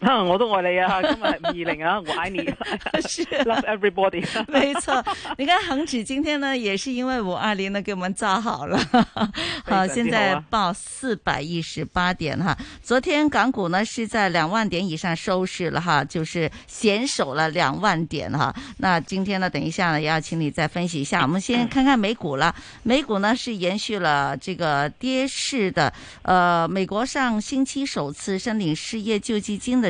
哼， 我都愛你啊！今日係五二零啊，我愛你。啊、 Love everybody。 沒錯，你看恒指今天呢，也是因為五二零呢，給我們造好了。好， 現在報四百一十八點哈。昨天港股呢，是在兩萬點以上收市了哈，就是險守了兩萬點哈。那今天呢，等一下呢，要請你再分析一下。我們先看看美股啦， 美股呢是延續了這個跌勢的。呃，美國上星期首次申領失業救濟金的。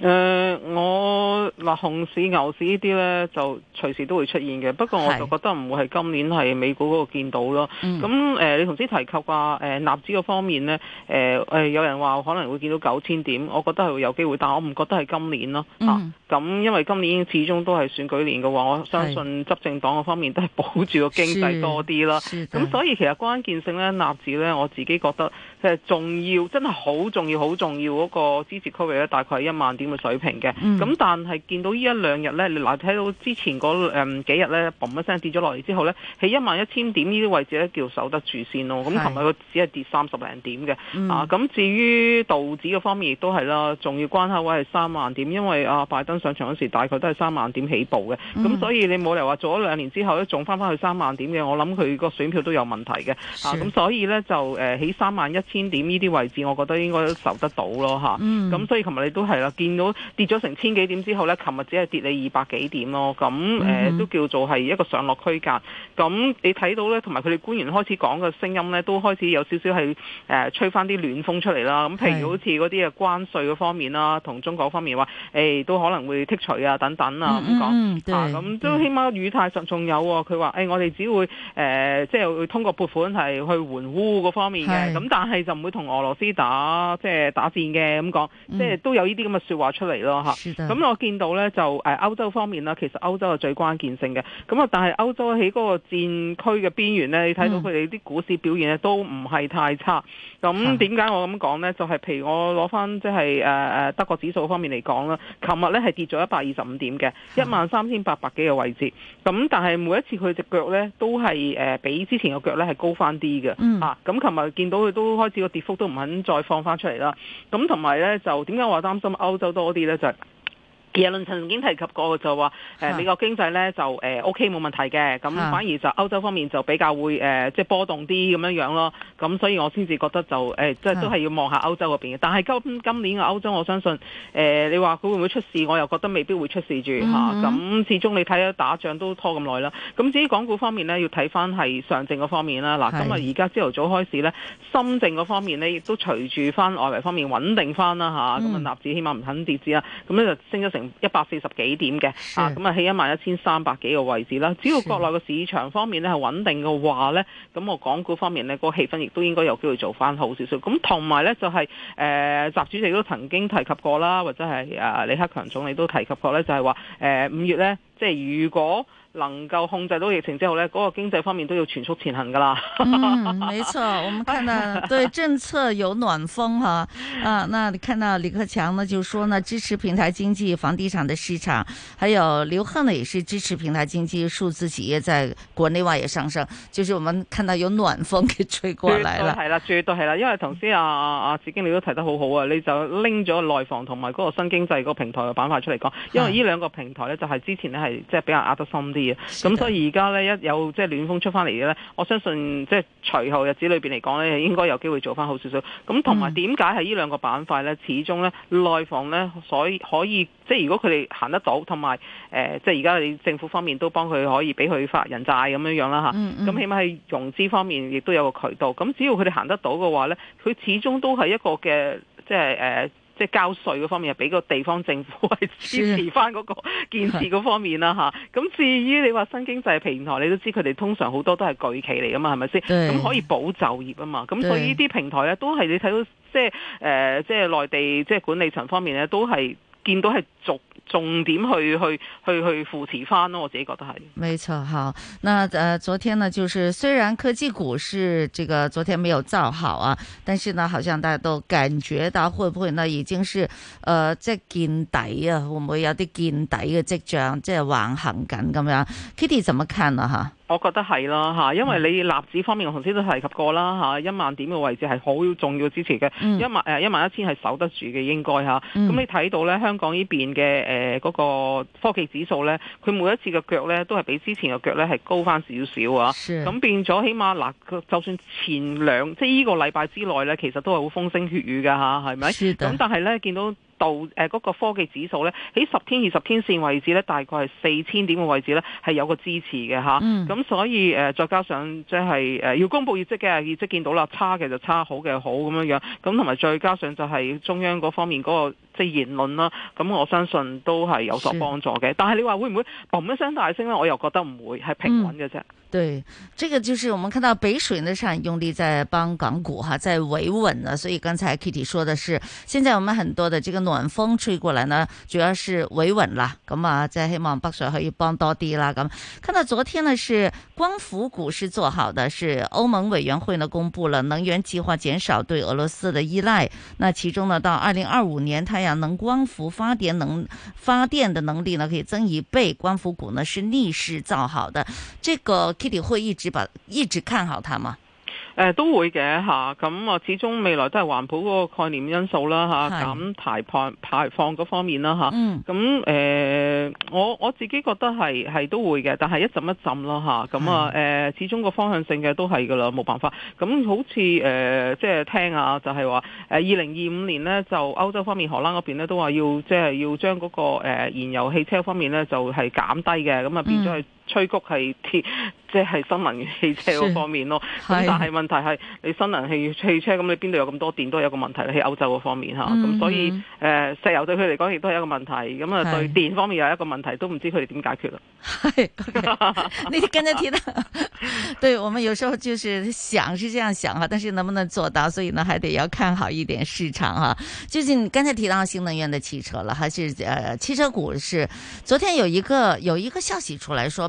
誒、呃，我嗱，熊市、牛市呢啲呢，就隨時都會出現嘅。不過我就覺得唔會係今年係美股嗰個見到咯。咁誒是、呃，你同時提及話誒納、呃、指個方面呢，誒、呃、誒、呃，有人話可能會見到九千點，我覺得係會有機會，但我唔覺得係今年咯。咁、嗯啊、因為今年始終都係選舉年嘅話，我相信執政黨嘅方面都係保住個經濟多啲啦。咁所以其實關鍵性呢，納指呢，我自己覺得。其實重要真係好重要好重要嗰個支持區域咧，大概係一萬點嘅水平嘅。咁、嗯、但係見到呢一兩日咧，你嗱睇到之前嗰誒幾日咧，嘣一聲跌咗落嚟之後咧，喺一萬一千點呢啲位置咧，叫守得住先咯。咁琴日佢只係跌三十零點嘅。嗯、啊，咁至於道指嘅方面亦都係啦，重要關口位係三萬點，因為啊拜登上場嗰時大概都係三萬點起步嘅。咁、嗯、所以你冇理由話做咗兩年之後咧，仲返返去三萬點嘅，我諗佢個選票都有問題嘅。咁是、啊、所以咧就誒起三萬一。千點呢啲位置，我覺得應該受得到咯吓，咁、嗯、所以琴日你都係啦，見到跌咗成千幾點之後呢，琴日只係跌你二百幾點咯。咁、嗯、誒、嗯、哼都叫做係一個上落區間。咁、嗯、你睇到呢，同埋佢哋官員開始講嘅聲音呢，都開始有少少係誒、呃、吹翻啲暖風出嚟啦。咁譬如好似嗰啲嘅關稅嘅方面啦，同中國方面話誒、欸、都可能會剔除啊等等啊咁講。咁、嗯啊、都起碼語態上仲、嗯、有佢話誒，我哋只會誒、呃、即係通過撥款係去援烏嗰方面嘅。咁是但係就唔會同俄羅斯打即係打戰嘅咁講，即係都有呢啲咁嘅説話出嚟咯嚇。咁、嗯、我見到呢，就誒歐洲方面啦，其實歐洲係最關鍵性嘅。咁啊，但係歐洲喺嗰個戰區嘅邊緣呢，你睇到佢哋啲股市表現呢都唔係太差。咁點解我咁講呢？就係、是、譬如我攞翻即係誒誒德國指數方面嚟講啦，琴日呢係跌咗一百二十五點嘅，一萬三千八百幾個位置。咁但係每一次佢隻腳呢，都係誒比之前嘅腳呢係高翻啲嘅嚇。咁琴日見到佢都可以只個跌幅都唔肯再放翻出嚟啦，咁同埋咧就點解我話擔心歐洲多啲咧？就是耶倫曾經提及過，就話誒美國經濟咧就誒、呃、O.K. 冇問題嘅，咁反而就歐洲方面就比較會誒、呃、即係波動啲咁樣樣咯。咁所以我先至覺得就誒、呃、即係都係要望下歐洲嗰邊嘅。但係今今年嘅歐洲，我相信誒、呃、你話佢會唔會出事，我又覺得未必會出事住嚇。咁、mm hmm. 啊、始終你睇下打仗都拖咁耐啦。咁至於港股方面呢，要睇翻係上證嗰方面啦。嗱、啊，咁啊而家朝頭早開市呢，深證嗰方面呢，亦都隨住翻外圍方面穩定翻啦嚇。咁啊納指起碼唔肯跌止啦。咁呢就升咗成一百四十幾點嘅的啊，咁啊喺一萬一千三百幾個位置啦。只要國內嘅市場方面咧係穩定嘅話咧，咁我港股方面咧、個氣氛亦都應該有機會做翻好少少。咁同埋咧就係、是、誒、呃、習主席都曾經提及過啦，或者係啊、呃、李克強總理都提及過咧，就係話誒五月咧。即係如果能夠控制到疫情之後呢，嗰、那個經濟方面都要全速前行噶啦。 嗯，冇錯，我們看到對政策有暖風哈啊！那你看到李克強呢，就說呢支持平台經濟、房地產的市場，還有劉鶴呢，也是支持平台經濟、數字企業在國內外也上升。就是我們看到有暖風嘅吹過嚟了係啦，最多係啦，因為頭先啊啊，子矜你都提得好好啊，你就拎咗內房同埋嗰個新經濟個平台嘅板塊出嚟講，因為呢兩個平台呢，就係、是、之前呢即係比較壓得深啲嘅，咁的所以而家呢，一有即係暖風出翻嚟嘅呢，我相信即係隨後日子裏邊嚟講呢，應該有機會做翻好少少。咁同埋點解係呢兩個板塊呢？始終呢內房呢，所以可以即係如果佢哋行得到，同埋、呃、即係而家你政府方面都幫佢可以俾佢發人債咁樣樣啦吓，咁、嗯嗯、起碼係融資方面亦都有個渠道。咁只要佢哋行得到嘅話呢，佢始終都係一個嘅即係誒。呃即係交稅嗰方面，又俾個地方政府去支持翻嗰個建設嗰方面啦吓，咁至於你話新經濟平台，你都知佢哋通常好多都係巨企嚟噶對嘛，係咪先？咁可以保就業啊嘛。咁所以啲平台咧都係你睇到，即係誒、呃，即係內地即係管理層方面咧都係。見到係重重點去去去去扶持翻咯，我自己覺得係。沒錯，吓。那誒、呃，昨天呢，就是雖然科技股是這個昨天沒有造好啊，但是呢，好像大家都感覺到會不會呢，已經是誒在見底啊，會唔會有啲見底嘅跡象，即係橫行緊咁樣。Kitty 怎麼看啊？吓？我覺得係啦，嚇，因為你納指方面，我頭先都提及過啦，嚇一萬點嘅位置係好重要支持嘅，嗯、一萬誒、呃、一萬一千係守得住嘅應該嚇。咁、嗯、你睇到咧香港呢邊嘅誒嗰個科技指數咧，佢每一次嘅腳咧都係比之前嘅腳咧係高翻少少啊。咁是變咗，起碼嗱，就算前兩即係依個禮拜之內咧，其實都係會風聲血雨嘅嚇，係咪？咁的但係咧見到。道誒嗰個科技指數咧，喺十天二十天線位置咧，大概係四千點嘅位置咧，係有個支持嘅嚇。咁、嗯、所以誒，再加上即係誒要公佈業績嘅業績見到啦，差嘅就差，好嘅好咁樣樣。咁同埋再加上就係中央嗰方面嗰個即係言論啦。咁我相信都係有所幫助嘅。是但係你話會唔會嘣一聲大聲咧？我又覺得唔會，係平穩嘅啫。對，這個就是我們看到北水呢，嘅上用力在幫港股哈，在維穩啊。所以剛才 Kitty 說的是，現在我們很多的這個。暖風吹過來呢，主要是維穩啦，咁啊，即係希望北水可以幫多啲啦，咁。看到昨天呢，是光伏股是做好的，是歐盟委員會呢公佈了能源計劃，減少對俄羅斯的依賴。那其中呢，到二零二五年，太陽能光伏發電能發電的能力呢，可以增一倍。光伏股呢是逆勢造好的，這個 Kitty 會一直把一直看好它嗎？誒都會嘅嚇，咁啊始終未來都係環保嗰個概念因素啦嚇，減排是排排放嗰方面啦嚇，咁誒我我自己覺得係係都會嘅，但係一浸一浸咯嚇，咁啊誒始終個方向性嘅都係噶啦，冇辦法。咁好似誒即係聽下就係話誒二零二五年呢，就歐洲方面荷蘭嗰邊呢都話要即係要將嗰個誒燃油汽車方面呢就係減低嘅，咁啊變咗係吹谷係鐵，即、就、係、是、新能源汽車嗰方面咯。是但係問題係是你新能源汽汽車，咁你邊度有咁多電都有一個問題喺歐洲嗰方面嚇，咁、嗯、所以誒、嗯、石油對佢嚟講亦都係一個問題。咁啊是對電方面又係一個問題，都唔知佢哋點解決啦。係，okay, 你跟住提到， 對我們有時候就是想是這樣想嚇，但是能不能做到？所以呢，還得要看好一點市場嚇。最近你剛才提到新能源嘅汽車啦，還是誒、呃、汽車股是昨天有一個有一個消息出嚟，說。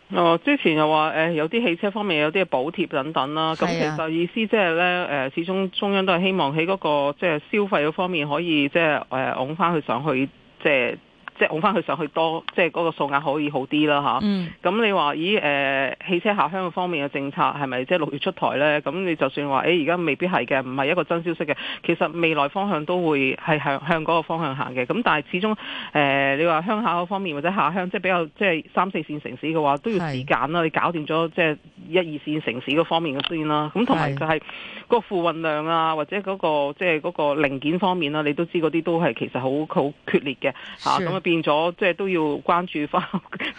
哦，之前又話誒、哎、有啲汽車方面有啲嘅補貼等等啦，咁其實意思即係咧誒，啊、始終中央都係希望喺嗰、那個即係、就是、消費嗰方面可以即係誒拱翻佢上去即係。就是即係戇翻佢上去多，即係嗰個數額可以好啲啦吓，咁、嗯、你話咦誒，汽車下鄉方面嘅政策係咪即係六月出台呢？咁你就算話誒而家未必係嘅，唔係一個真消息嘅。其實未來方向都會係向向嗰個方向行嘅。咁但係始終誒、呃，你話鄉下方面或者下鄉，即係比較，即係三四線城市嘅話，都要時間啦。你搞掂咗即係。就是一二線城市嗰方面嘅先啦，咁同埋就係個負運量啊，或者嗰、那個即係嗰零件方面啦，你都知嗰啲都係其實好好決裂嘅嚇，咁是啊變咗即係都要關注翻，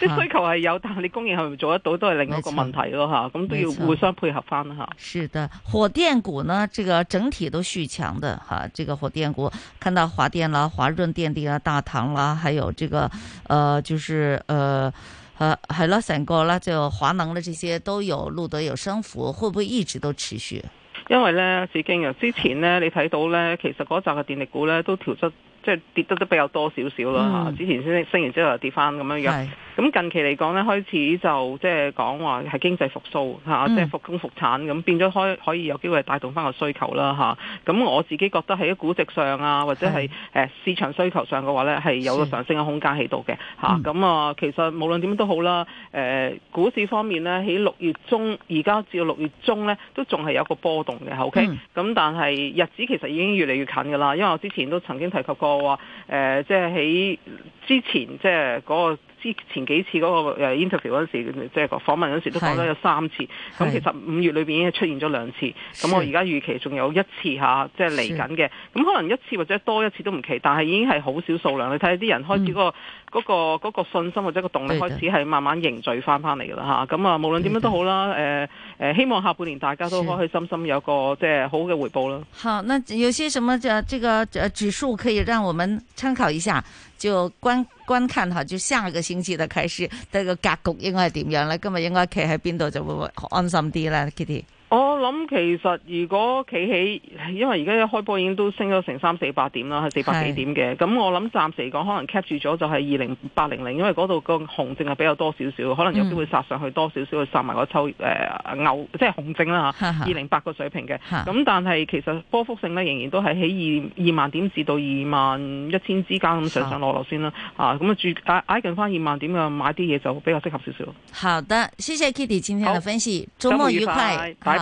即係需求係有，但係你供應係咪做得到，都係另一個問題咯吓，咁錯、啊、都要互相配合翻吓，是的，火電股呢，這個整體都續強嘅。吓、啊，這個火電股看到華電啦、華潤電力啊、大唐啦，還有這個呃，就是呃。誒，係啦、啊，成個啦，就華能啦，這些都有錄得有升幅，會唔會一直都持續？因為咧，已經由之前咧，你睇到咧，其實嗰隻嘅電力股咧都調出。即係跌得都比較多少少啦嚇，嗯、之前先升完之後又跌翻咁樣樣。咁近期嚟講咧，開始就即係講話係經濟復甦嚇，嗯、即係復工復產咁，變咗可可以有機會帶動翻個需求啦嚇。咁、啊、我自己覺得喺估值上啊，或者係誒市場需求上嘅話咧，係有個上升嘅空間喺度嘅嚇。咁是、嗯、啊，啊，其實無論點都好啦，誒、呃、股市方面咧，喺六月中而家至到六月中咧，都仲係有一個波動嘅。O、okay? K、嗯。咁但係日子其實已經越嚟越近㗎啦，因為我之前都曾經提及過。我即係喺之前，即係嗰個之前幾次嗰個誒 interview 嗰陣時，即係訪問嗰陣時都講咗有三次。咁其實五月裏邊已經出現咗兩次。咁我而家預期仲有一次嚇，即係嚟緊嘅。咁可能一次或者多一次都唔奇，但係已經係好少數量。你睇下啲人開始嗰個。嗯。嗰、那個那個信心或者個動力開始係慢慢凝聚翻翻嚟㗎喇吓，咁的啊無論點樣都好啦，誒誒的、呃呃、希望下半年大家都開開心心有個即係是好嘅回報啦。好，那有些什麼嘅這個指數可以讓我們參考一下，就觀觀看下，就下個星期就開始，這個格局應該係點樣咧？今日應該企喺邊度就會安心啲啦，Kitty。我諗其實如果企起，因為而家一開波已經都升咗成三四百點啦，係四百幾點嘅。咁是我諗暫時嚟講，可能 cap 住咗就係二零八零零，因為嗰度個紅證係比較多少少，可能有機會殺上去多少少去殺埋個抽誒牛，即係紅證啦嚇。哈哈二零八個水平嘅。咁哈但係其實波幅性呢，仍然都係喺二二萬點至到二萬一千之間咁上上落落先啦。好啊，咁啊住挨近翻二萬點嘅買啲嘢就比較適合少少。好的，謝謝 Kitty 今天的分析。週好末愉快。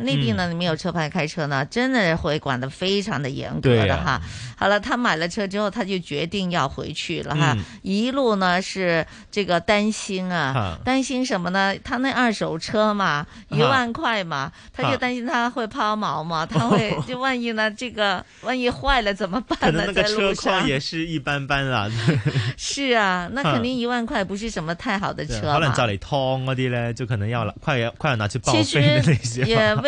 內地呢，你沒有車牌開車呢，真的會管得非常的嚴格的哈。好了，他買了車之後，他就決定要回去了哈。一路呢是這個擔心啊，擔心什麼呢？他那二手車嘛，一萬塊嘛，他就擔心他會拋錨嘛，他會就萬一呢這個萬一壞了怎麼辦呢？可能那個車況也是一般般啊。是啊，那肯定一萬塊不是什麼太好的車嘛。可能就嚟燙嗰啲咧，就可能要快要快要拿去報廢嗰啲。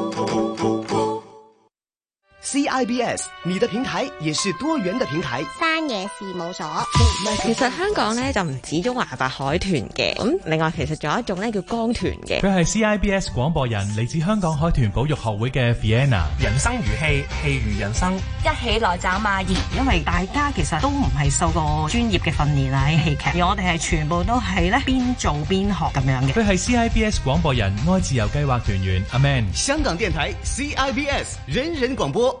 CIBS，你的平台也是多元的平台。山野事務所。其實香港咧就唔止中華白海豚嘅，咁、嗯、另外其實仲有一種咧叫江豚嘅。佢係 CIBS 廣播人，嚟自香港海豚保育學會嘅 Vienna。人生如戲，戲如人生。一起來找馬兒，因為大家其實都唔係受過專業嘅訓練啊，喺戲劇，而我哋係全部都係咧邊做邊學咁樣嘅。佢係 CIBS 廣播人，愛自由計劃團員 Amen。香港電台 CIBS，人人廣播。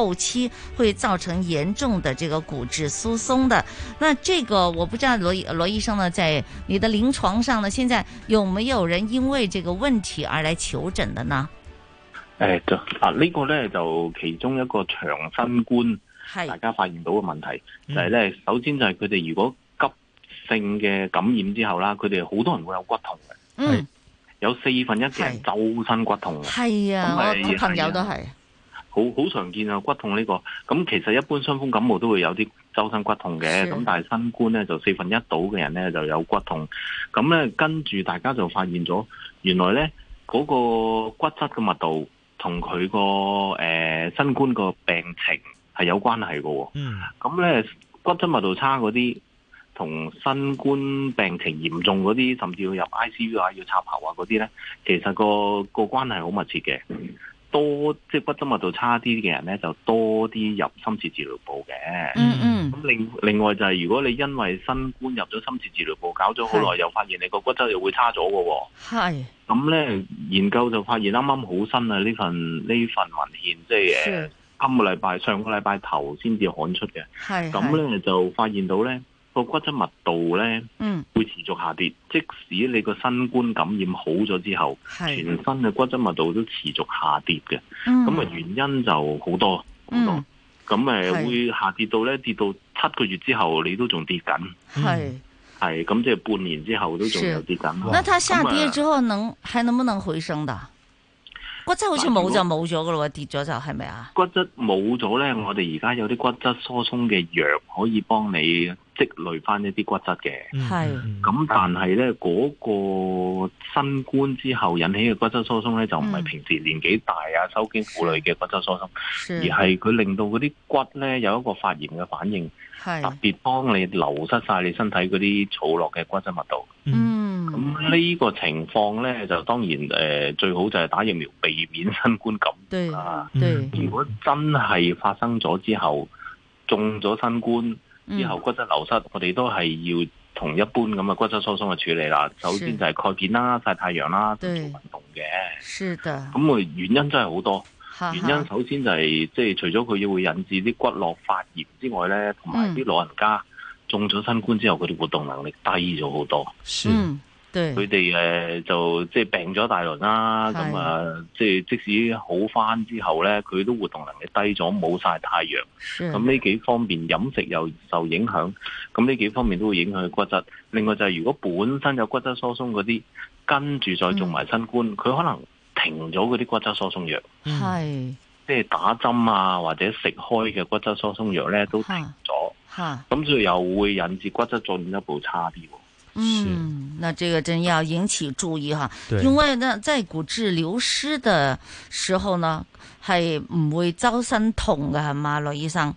後期會造成嚴重的這個骨質疏鬆的。那這個我不知道羅羅醫生呢，在你的臨床上呢，現在有沒有人因為這個問題而來求診的呢？誒，就啊，呢個咧就其中一個長新冠，大家發現到嘅問題是就係咧，首先就係佢哋如果急性嘅感染之後啦，佢哋好多人會有骨痛嘅，嗯是，有四分一嘅人周身骨痛嘅，係啊，是是我朋友都係。好好常見啊，骨痛呢個咁其實一般傷風感冒都會有啲周身骨痛嘅，咁的但係新冠咧就四分一到嘅人咧就有骨痛，咁、嗯、咧跟住大家就發現咗，原來咧嗰個骨質嘅密度同佢個誒新冠個病情係有關係嘅喎，咁咧、嗯嗯、骨質密度差嗰啲同新冠病情嚴重嗰啲，甚至要入 ICU 啊要插喉啊嗰啲咧，其實個個關係好密切嘅。嗯多即係骨質密度差啲嘅人咧，就多啲入深切治療部嘅、嗯。嗯嗯。咁另另外就係如果你因為新冠入咗深切治療部，搞咗好耐，是又發現你個骨質又會差咗嘅。係是。咁咧研究就發現啱啱好新啊！呢份呢份文獻即係誒，今個禮拜上個禮拜，拜頭先至刊出嘅。係是。咁咧就發現到咧。個骨質密度咧，嗯，會持續下跌。即使你個新冠感染好咗之後，全身嘅骨質密度都持續下跌嘅。嗯，咁啊原因就好多好多。嗯，咁誒會下跌到咧，跌到七個月之後你都仲跌緊。係係，咁即係半年之後都仲有跌緊。是。那它下跌之後能還能不能回升的？骨質好似冇就冇咗噶咯，跌咗就係咪啊？骨質冇咗咧，我哋而家有啲骨質疏鬆嘅藥可以幫你。積累翻一啲骨質嘅，係咁是，但係咧嗰個新冠之後引起嘅骨質疏鬆咧，就唔係平時年紀大、嗯、啊、收經負累嘅骨質疏鬆，是是而係佢令到嗰啲骨咧有一個發炎嘅反應，是特別幫你流失晒你身體嗰啲儲落嘅骨質密度。嗯，咁呢個情況咧就當然誒、呃、最好就係打疫苗避免新冠感染啊。對對，如果真係發生咗之後中咗新冠。之後骨質流失，嗯、我哋都係要同一般咁嘅骨質疏鬆嘅處理啦。是首先就係鈣片啦，曬太陽啦，對做運動嘅。是嘅的。咁啊原因真係好多。哈哈原因首先就係即係除咗佢要會引致啲骨骼發炎之外呢，同埋啲老人家中咗新冠之後，佢哋活動能力低咗好多。是的。嗯佢哋對、呃、就即係病咗大輪啦，咁啊，即係的、啊、即使好翻之後咧，佢都活動能力低咗，冇晒太陽，咁呢的幾方面飲食又受影響，咁呢幾方面都會影響佢骨質。另外就係如果本身有骨質疏鬆嗰啲，跟住再中埋新冠，佢、嗯、可能停咗嗰啲骨質疏鬆藥，係的即係打針啊或者食開嘅骨質疏鬆藥咧都停咗，嚇，咁所以又會引致骨質進一步差啲。嗯，那這個真要引起注意吓，對，因為呢，在骨質流失嘅時候呢，係唔會周身痛嘅係嘛，羅、嗯、醫生，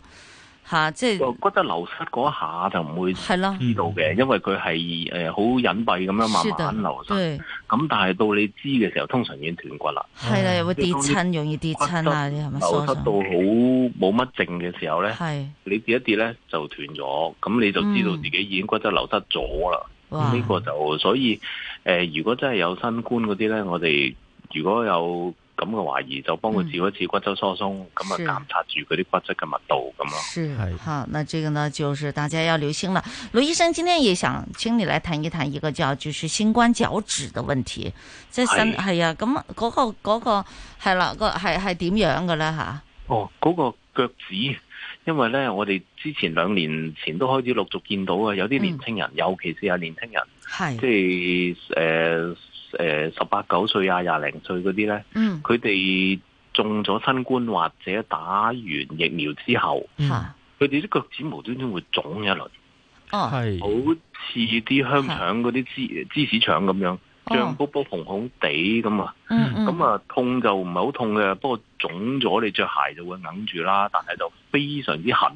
吓，即係。骨質流失嗰下就唔會知道嘅，是的因為佢係誒好隱蔽咁樣慢慢流失。對，咁但係到你知嘅時候，通常已經斷骨啦。係啦的，又會跌親，容易跌親啊，係咪流失到好冇乜症嘅時候咧，的你跌一跌咧就斷咗，咁的你就知道自己已經骨質流失咗啦。嗯呢哇個就所以誒、呃，如果真係有新冠嗰啲咧，我哋如果有咁嘅懷疑，就幫佢照一次骨質疏鬆，咁啊、嗯，檢查住佢啲骨質嘅密度咁咯。是係是好，那這個呢，就是大家要留心了。羅醫生，今天也想請你來談一談一個叫就是新冠腳趾的問題，即係係啊，咁嗰、那個嗰、那個係啦，那個係係點樣嘅咧吓？哦，嗰、那個腳趾。.因為咧，我哋之前兩年前都開始陸續見到啊，有啲年輕人，嗯、尤其是啊年輕人，是即係誒誒十八九歲啊廿零歲嗰啲咧，佢哋，嗯、中咗新冠或者打完疫苗之後，佢哋啲腳趾無端端會腫一輪，係，是好似啲香腸嗰啲芝是芝士腸咁樣。脹卜卜紅紅地咁啊，咁啊痛就唔係好痛嘅，不過腫咗你着鞋就會揞住啦，但係就非常之痕。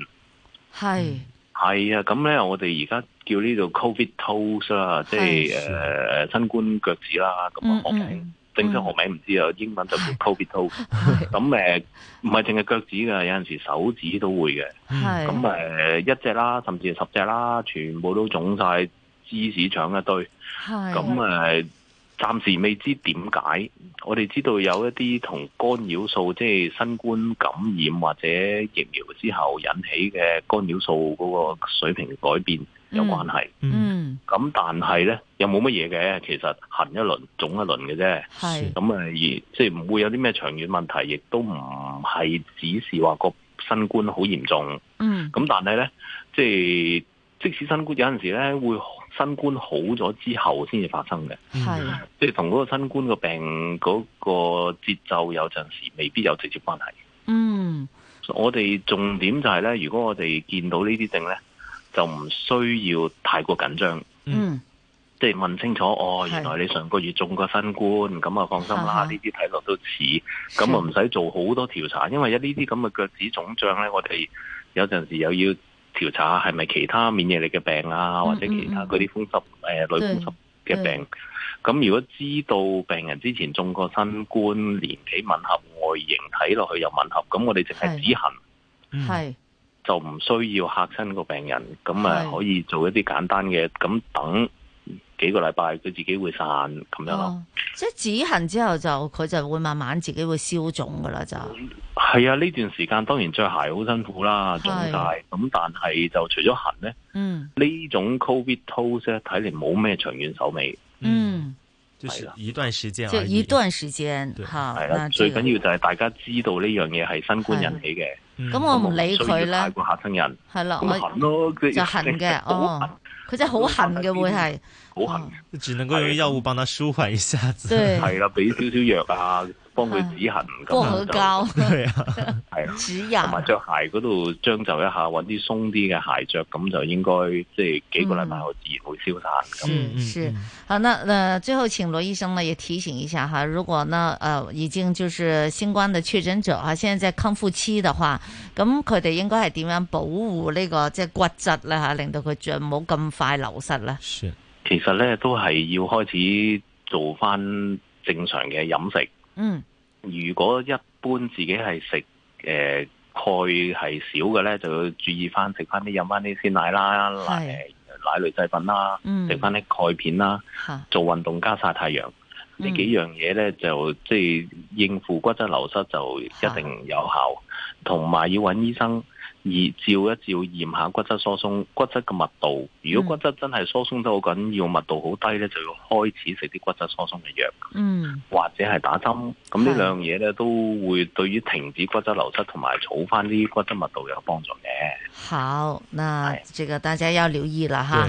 係係啊，咁咧我哋而家叫呢度 Covid toes 啦，即係誒新冠腳趾啦，咁啊學名正式學名唔知啊，英文就叫 Covid toes。咁誒唔係淨係腳趾噶，有陣時手指都會嘅。係咁誒一隻啦，甚至十隻啦，全部都腫晒芝士腸一堆。係咁誒。暫時未知點解，我哋知道有一啲同干擾素即係新冠感染或者疫苗之後引起嘅干擾素嗰個水平改變有關係。嗯。嗯，咁但係呢，又冇乜嘢嘅，其實行一輪，總一輪嘅啫。係，咁啊，即係唔會有啲咩長遠問題，亦都唔係只是話個新冠好嚴重。嗯，咁但係呢，即係即使新冠有陣時呢會。新冠好咗之後先至發生嘅，係即係同嗰個新冠個病嗰個節奏有陣時未必有直接關係。嗯，我哋重點就係、是、咧，如果我哋見到呢啲症咧，就唔需要太過緊張。嗯，即係問清楚，哦，原來你上個月中過新冠，咁啊是放心啦，呢啲睇落都似，咁我唔使做好多調查，因為有呢啲咁嘅腳趾腫脹咧，我哋有陣時又要。調查下係咪其他免疫力嘅病啊，或者其他嗰啲風濕誒、嗯嗯嗯呃、類風濕嘅病。咁如果知道病人之前中過新冠，年紀吻合，外形睇落去又吻合，咁我哋淨係止痕，係就唔需要嚇親個病人。咁啊，可以做一啲簡單嘅，咁是等。幾個禮拜佢自己會散咁樣咯，即係止痕之後就佢就會慢慢自己會消腫噶啦，就係啊呢段時間當然着鞋好辛苦啦，仲大咁，但係就除咗痕咧，嗯呢種 Covid toes 咧，睇嚟冇咩長遠手尾，嗯係啦，一段時間就一段時間吓，係啦，最緊要就係大家知道呢樣嘢係新冠引起嘅，咁我唔理佢咧，太過嚇親人係咯，就痕嘅哦，佢真係好痕嘅會係。好痕、哦，只能夠用藥物幫佢舒緩一下。對，係啦，俾少少藥啊，幫佢止痕。薄荷膏，過膠對啊，係止癢。同埋着鞋嗰度將就一下，搵啲鬆啲嘅鞋着，咁就應該即係幾個禮拜後自然會消散。嗯，是。是嗯、好，那誒、呃，最後請羅醫生呢，也提醒一下哈，如果呢，誒、呃，已經就是新冠的確診者啊，現在在康復期的話，咁佢哋應該係點樣保護、這個就是、呢個即係骨質啦吓，令到佢着唔好咁快流失啦。其實咧，都係要開始做翻正常嘅飲食。嗯，如果一般自己係食誒鈣係少嘅咧，就要注意翻食翻啲飲翻啲鮮奶啦、奶是奶類製品啦，食翻啲鈣片啦，是做運動加曬太陽，呢、嗯、幾樣嘢咧就即係、就是、應付骨質流失就一定有效，同埋是要搵醫生。而照一照，驗下骨質疏鬆、骨質嘅密度。如果骨質真係疏鬆得好緊要，密、嗯、度好低呢，就要開始食啲骨質疏鬆嘅藥。嗯，或者係打針。咁呢兩樣嘢呢，的都會對於停止骨質流失同埋儲翻啲骨質密度有幫助嘅。好，那這個大家要留意啦，哈。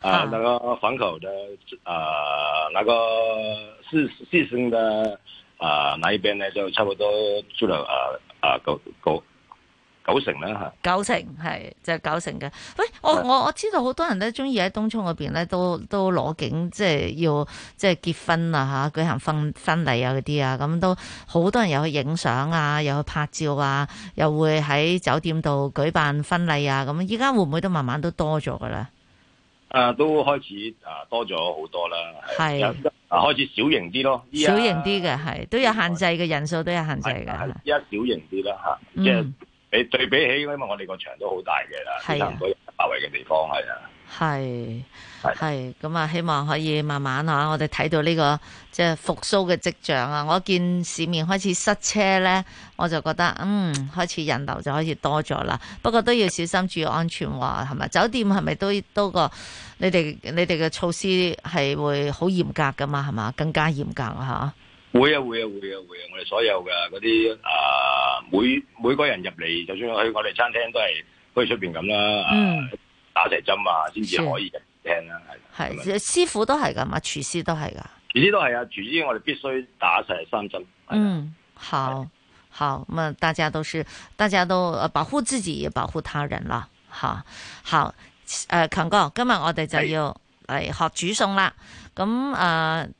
啊，那個房球的，啊，那個四四星的，啊，那一邊咧就差不多住了，啊啊九九九成啦吓。九成係就係九成嘅、就是。喂，我我我知道好多人咧中意喺東涌嗰邊咧，是都都攞景，即、就、係、是、要即係結婚啊吓，舉行婚婚禮啊嗰啲啊，咁都好多人又去影相啊，又去拍照啊，又會喺酒店度舉辦婚禮啊，咁依家會唔會都慢慢都多咗噶啦？啊，都開始啊多咗好多啦，係啊是，開始小型啲咯，小型啲嘅係，都有限制嘅人數，都有限制嘅，而家小型啲啦吓，即係你對比起，因為我哋個場都好大嘅啦，差唔多八位嘅地方係啊。係係咁啊！的希望可以慢慢啊，我哋睇到呢、這個即係復甦嘅跡象啊！我見市面開始塞車咧，我就覺得嗯，開始人流就開始多咗啦。不過都要小心注意安全喎，係咪？酒店係咪都多個？你哋你哋嘅措施係會好嚴格噶嘛？係嘛？更加嚴格啊吓、啊？會啊會啊會啊會啊！我哋所有嘅嗰啲啊，每每個人入嚟，就算去我哋餐廳都係好似出邊咁啦。啊、嗯。打齊針啊，先至可以嘅，聽啦，係。係，師傅都係噶嘛，廚師都係噶。廚師都係啊，廚師我哋必須打齊三針。嗯，好，的好，咁啊，大家都是，大家都保護自己，保護他人啦。好，好，誒、呃，強哥，今日我哋就要嚟學煮餸啦。咁誒的。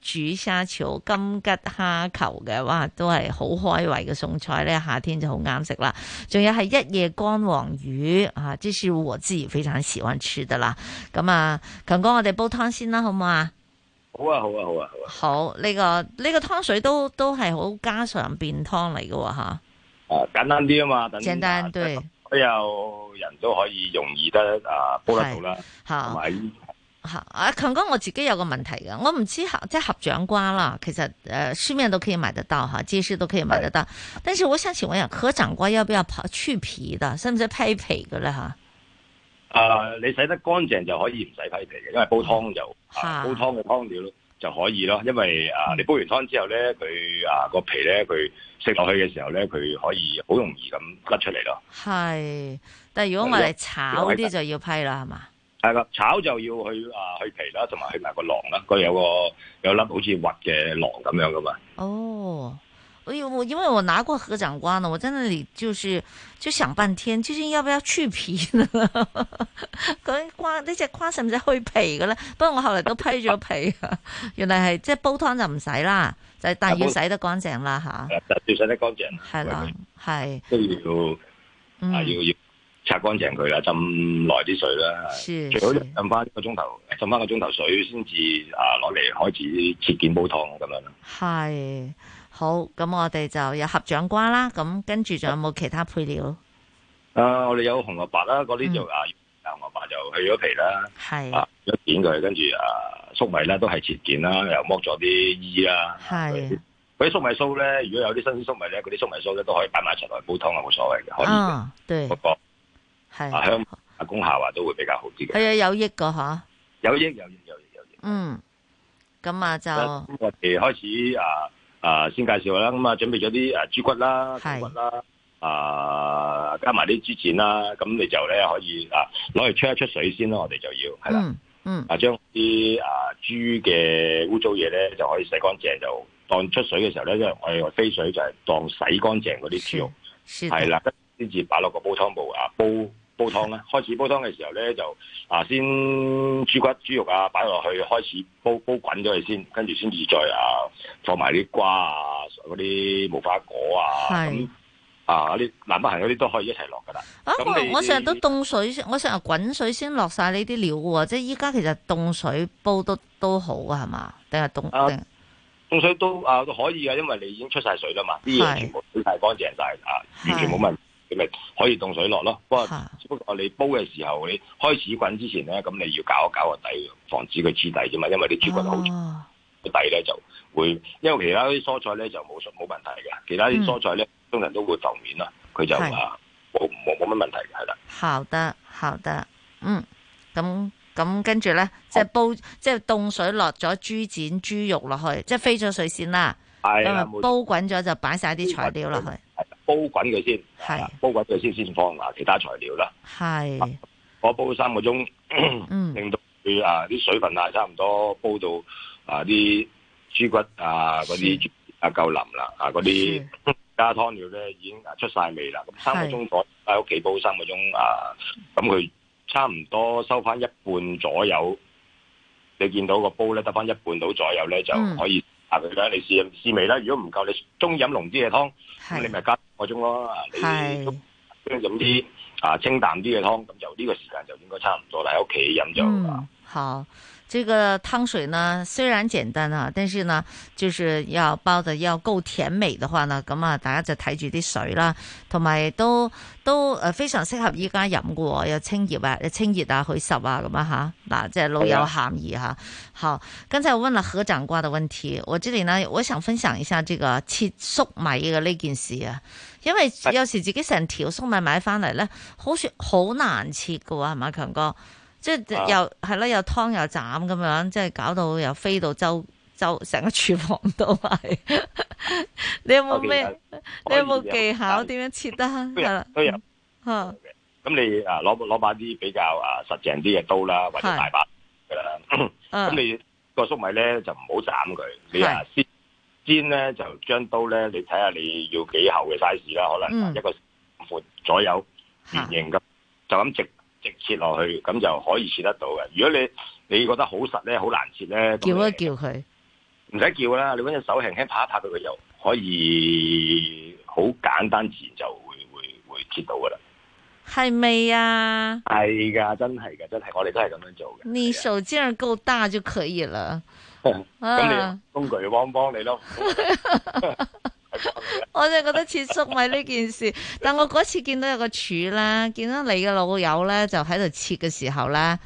煮沙炒金桔、蝦球嘅，哇，都係好開胃嘅餸菜咧，夏天就好啱食啦。仲有係一夜乾黃魚啊，這是我自己非常喜歡吃的啦。咁啊，強哥，我哋煲湯先啦，好唔好啊？好啊，好啊，好啊，好啊。好，呢、這個呢、這個湯水都都係好家常便湯嚟嘅吓。啊，啊，簡單啲啊嘛，簡單啲，都、啊、有人都可以容易得啊，煲得到啦，係咪？啊，強哥，我自己有個問題嘅，我唔知道合即係合掌瓜啦，其實誒、呃，書面都可以買得到，吓，超市都可以買得到。是但是我想請問下，合掌瓜要不要刨去皮的，使唔使批皮嘅咧？吓？誒，你洗得乾淨就可以唔使批皮嘅，因為煲湯就是、啊、煲湯嘅湯料就可以咯，因為誒、啊、你煲完湯之後咧，佢啊個皮咧佢食落去嘅時候咧，佢可以好容易咁甩出嚟咯。係，但係如果我哋炒啲就要批啦，係嘛、嗯？炒就要去啊去皮啦，同埋去埋個囊啦，佢有個有粒好似核嘅囊咁樣噶嘛。哦，我要我因為我拿過合掌瓜呢，我真係你就是就想半天，究竟要不要去皮呢？啲 瓜，呢隻瓜使唔使去皮嘅咧？不過我後來都批咗皮了， 原嚟係即係煲湯就唔使啦， 就但要洗得乾淨啦吓。要洗得乾淨。係啦的，係。要要擦乾淨佢啦，浸耐啲水啦，係係最好浸翻個鐘頭，浸翻個鐘頭水先至啊，攞嚟開始切件煲湯咁樣。係好，咁我哋就有合掌瓜啦，咁跟住仲有冇其他配料？啊，我哋有紅蘿蔔啦，嗰啲就啊、嗯、紅蘿蔔就去咗皮啦係、啊，啊一片佢，跟住啊粟米咧都係切件啦，又剝咗啲衣啦。係嗰啲粟米酥咧，如果有啲新鮮粟米咧，嗰啲粟米酥咧都可以擺埋一齊煲湯啊，冇所謂嘅，可以嘅。啊對係啊，香啊，功效啊都會比較好啲嘅。係啊，有益㗎吓。有益，有益，有益，有益。嗯，咁啊就我哋開始啊啊先介紹下啦。咁啊，準備咗啲啊豬骨啦、排骨啦啊，加埋啲豬展啦。咁、啊、你就咧可以啊攞嚟，出一出水先啦。我哋就要係啦，嗯，嗯啊，將啲啊豬嘅污糟嘢咧就可以洗乾淨，就當出水嘅時候咧，因為我哋飛水就係當洗乾淨嗰啲豬肉，係啦，先至擺落個煲湯部。啊煲。煲湯咧、啊，開始煲湯嘅時候咧就豬豬啊，先豬骨、豬肉啊擺落去，開始煲煲滾咗佢先，跟住先至再啊放埋啲瓜啊，嗰啲無花果啊，咁是啊啲南北杏嗰啲都可以一齊落噶啦。咁、啊、你我我成日都凍水先，我成日滾水先落晒呢啲料喎，即係依家其實凍水煲都都好啊，係嘛？定係凍？凍水都啊都可以啊，因為你已經出晒水啦嘛，啲嘢是全部洗晒乾淨晒啊，是完全冇問題。咁咪可以凍水落咯。不過不過你煲嘅時候，你開始滾之前咧，咁你要搞一搞個底，防止佢黐底啫嘛，因為啲豬骨好粗，底咧就會，因為其他啲蔬菜咧就冇冇問題嘅，其他啲蔬菜咧通常都會浮面啦，佢就啊冇冇冇乜問題，係啦。好得，好得，嗯，咁咁跟住咧，即係、oh. 煲，即係凍水落咗豬展豬肉落去，即、就、係、是、飛咗水先啦，咁啊的煲滾咗就擺晒啲材料落去。煲滾佢先，係煲滾佢先，先放啊其他材料啦。係我是煲三個鐘，咳咳嗯、令到佢啊啲水分啊差唔多煲到啊啲豬骨啊嗰啲啊夠腍啦啊嗰啲加湯料咧已經出晒味啦。咁、三個鐘左喺屋企煲三個鐘啊，咁佢差唔多收翻一半左右，你見到個煲咧得翻一半到左右咧就可以、嗯。啊、你試試味啦。如果唔夠，你中意飲濃啲嘅湯，咁是你咪加個鐘咯。是你將飲啲啊清淡啲嘅湯，咁就呢個時間就應該差唔多啦，喺屋企飲就。嗯，啊、好。這個湯水呢，雖然簡單啊，但是呢，就是要煲得要夠甜美的話呢，咁啊，大家就睇住啲水啦，同埋都都誒，非常適合依家飲嘅，有清熱啊，清熱啊，去濕啊，咁啊吓，嗱、啊，即係老友咸宜吓，嗯、好。剛才我問了合掌瓜的問題，我這裏呢，我想分享一下這個切粟米嘅呢件事啊，因為有時自己成條粟米買翻嚟呢好似好難切嘅話係嘛，強哥。看看即係又係啦，又湯又斬咁樣，即係搞到又飛到周周成個廚房都係。你有冇咩？你有冇技巧？點樣切得？都有，咁你啊，攞攞把啲比較啊實淨啲嘅刀啦，或者大把噶啦。咁你個粟米咧就唔好斬佢，你啊先先咧就將刀咧，你睇下你要幾厚嘅 size 啦，可能一個半左右圓形咁，就咁直。切落去咁就可以切得到嘅。如果你你覺得好實咧，好難切咧，叫一叫佢，唔使叫啦，你搵隻手輕輕拍一拍佢，佢又可以好簡單自然就會會會切到噶啦。係咪啊？係噶，真係噶，真係我哋都係咁樣做嘅。你手勁夠大就可以啦。咁你工具幫幫你咯。啊 我真係覺得切粟米呢件事，但我嗰次見到有個柱咧，見到你嘅老友咧，就喺度切嘅時候咧，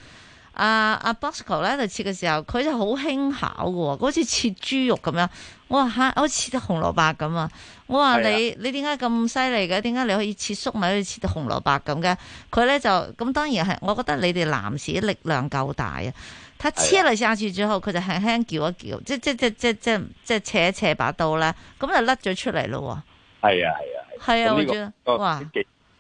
阿阿 Bosco 咧喺度切嘅時候，佢、啊啊、就好輕巧嘅，好似切豬肉咁樣。我話吓、啊，我好似切得紅蘿蔔咁啊！我話的你，你點解咁犀利嘅？點解你可以切粟米可以切到紅蘿蔔咁嘅？佢咧就咁，當然係，我覺得你哋男士力量夠大啊！他切嚟下次之後，佢、啊、就輕輕叫一叫，即即即即即即扯一扯把刀啦，咁就甩咗出嚟咯。係啊係啊係啊！好啲啊哇！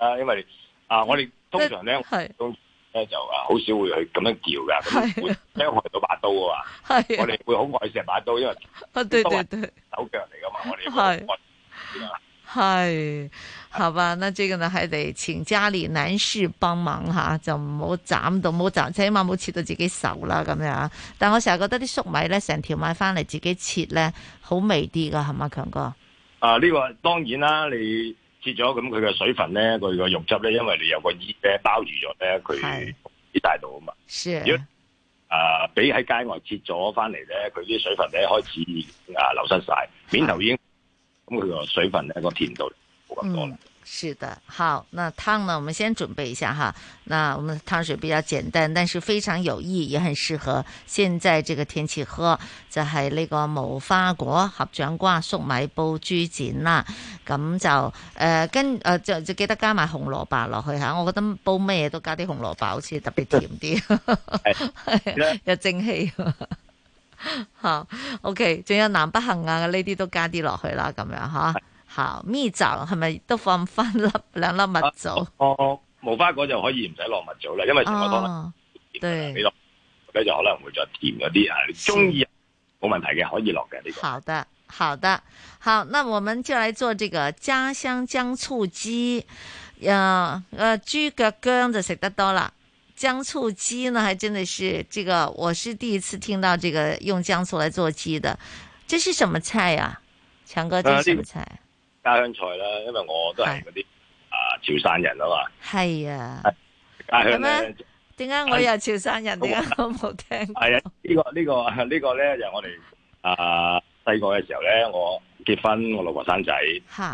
啊，因為啊，我哋通常咧，通常咧就啊好少會去咁樣叫嘅，會驚害到把刀啊嘛。係，我哋會好愛錫把刀，啊啊、因為我我很啊對對對，手腳嚟噶嘛，是我哋。係，好吧，那這個呢，還得請家裏男士幫忙吓，就唔好斬到，唔好斬，起碼唔好切到自己手啦咁樣但我成日覺得啲粟米咧，成條買翻嚟自己切咧，好味啲噶，係嘛，強哥。啊，呢個當然啦，你切咗咁佢嘅水分咧，佢個肉汁咧，因為你有個衣咧包住咗咧，佢啲大度啊嘛。是的。如果啊，俾、呃、喺街外切咗翻嚟咧，佢啲水分咧開始啊流失晒，面頭已經。水分一個甜度冇咁多啦、嗯。是的，好，那湯呢？我們先準備一下哈。那我們湯水比較簡單，但是非常有益，也很適合現在這個天氣喝。就係、是、呢個無花果、合掌瓜、粟米煲豬展啦。咁、啊、就誒、呃、跟誒、呃、就就記得加埋紅蘿蔔落去吓。我覺得煲咩都加啲紅蘿蔔，好似特別甜啲，有正氣。好 OK 仲有南北杏啊，呢啲都加啲落去啦，咁樣吓。是好，蜜棗係咪都放翻粒兩粒蜜棗？哦、啊啊啊，無花果就可以唔使落蜜棗啦，因為食得多，對，俾落，跟住可能會再甜嗰啲啊。是你中意冇問題嘅，可以落嘅呢個。好的，好的，好，那我們就嚟做這個家鄉薑醋雞。嗯、呃，誒、呃，豬腳薑就食得多啦。薑醋雞呢？還真的是這個，我是第一次聽到這個用薑醋來做雞的，這是什麼菜呀、啊？強哥，這是什麼菜？啊、家鄉菜啦，因為我都係嗰啲啊潮汕人啊嘛。係呀、啊，家鄉咧？點解我又潮汕人？點解我冇聽？係啊，呢、啊啊啊呢個呢、呢個呢、啊呢個呢，就係我哋啊細個嘅時候呢。我結婚，我老婆生仔，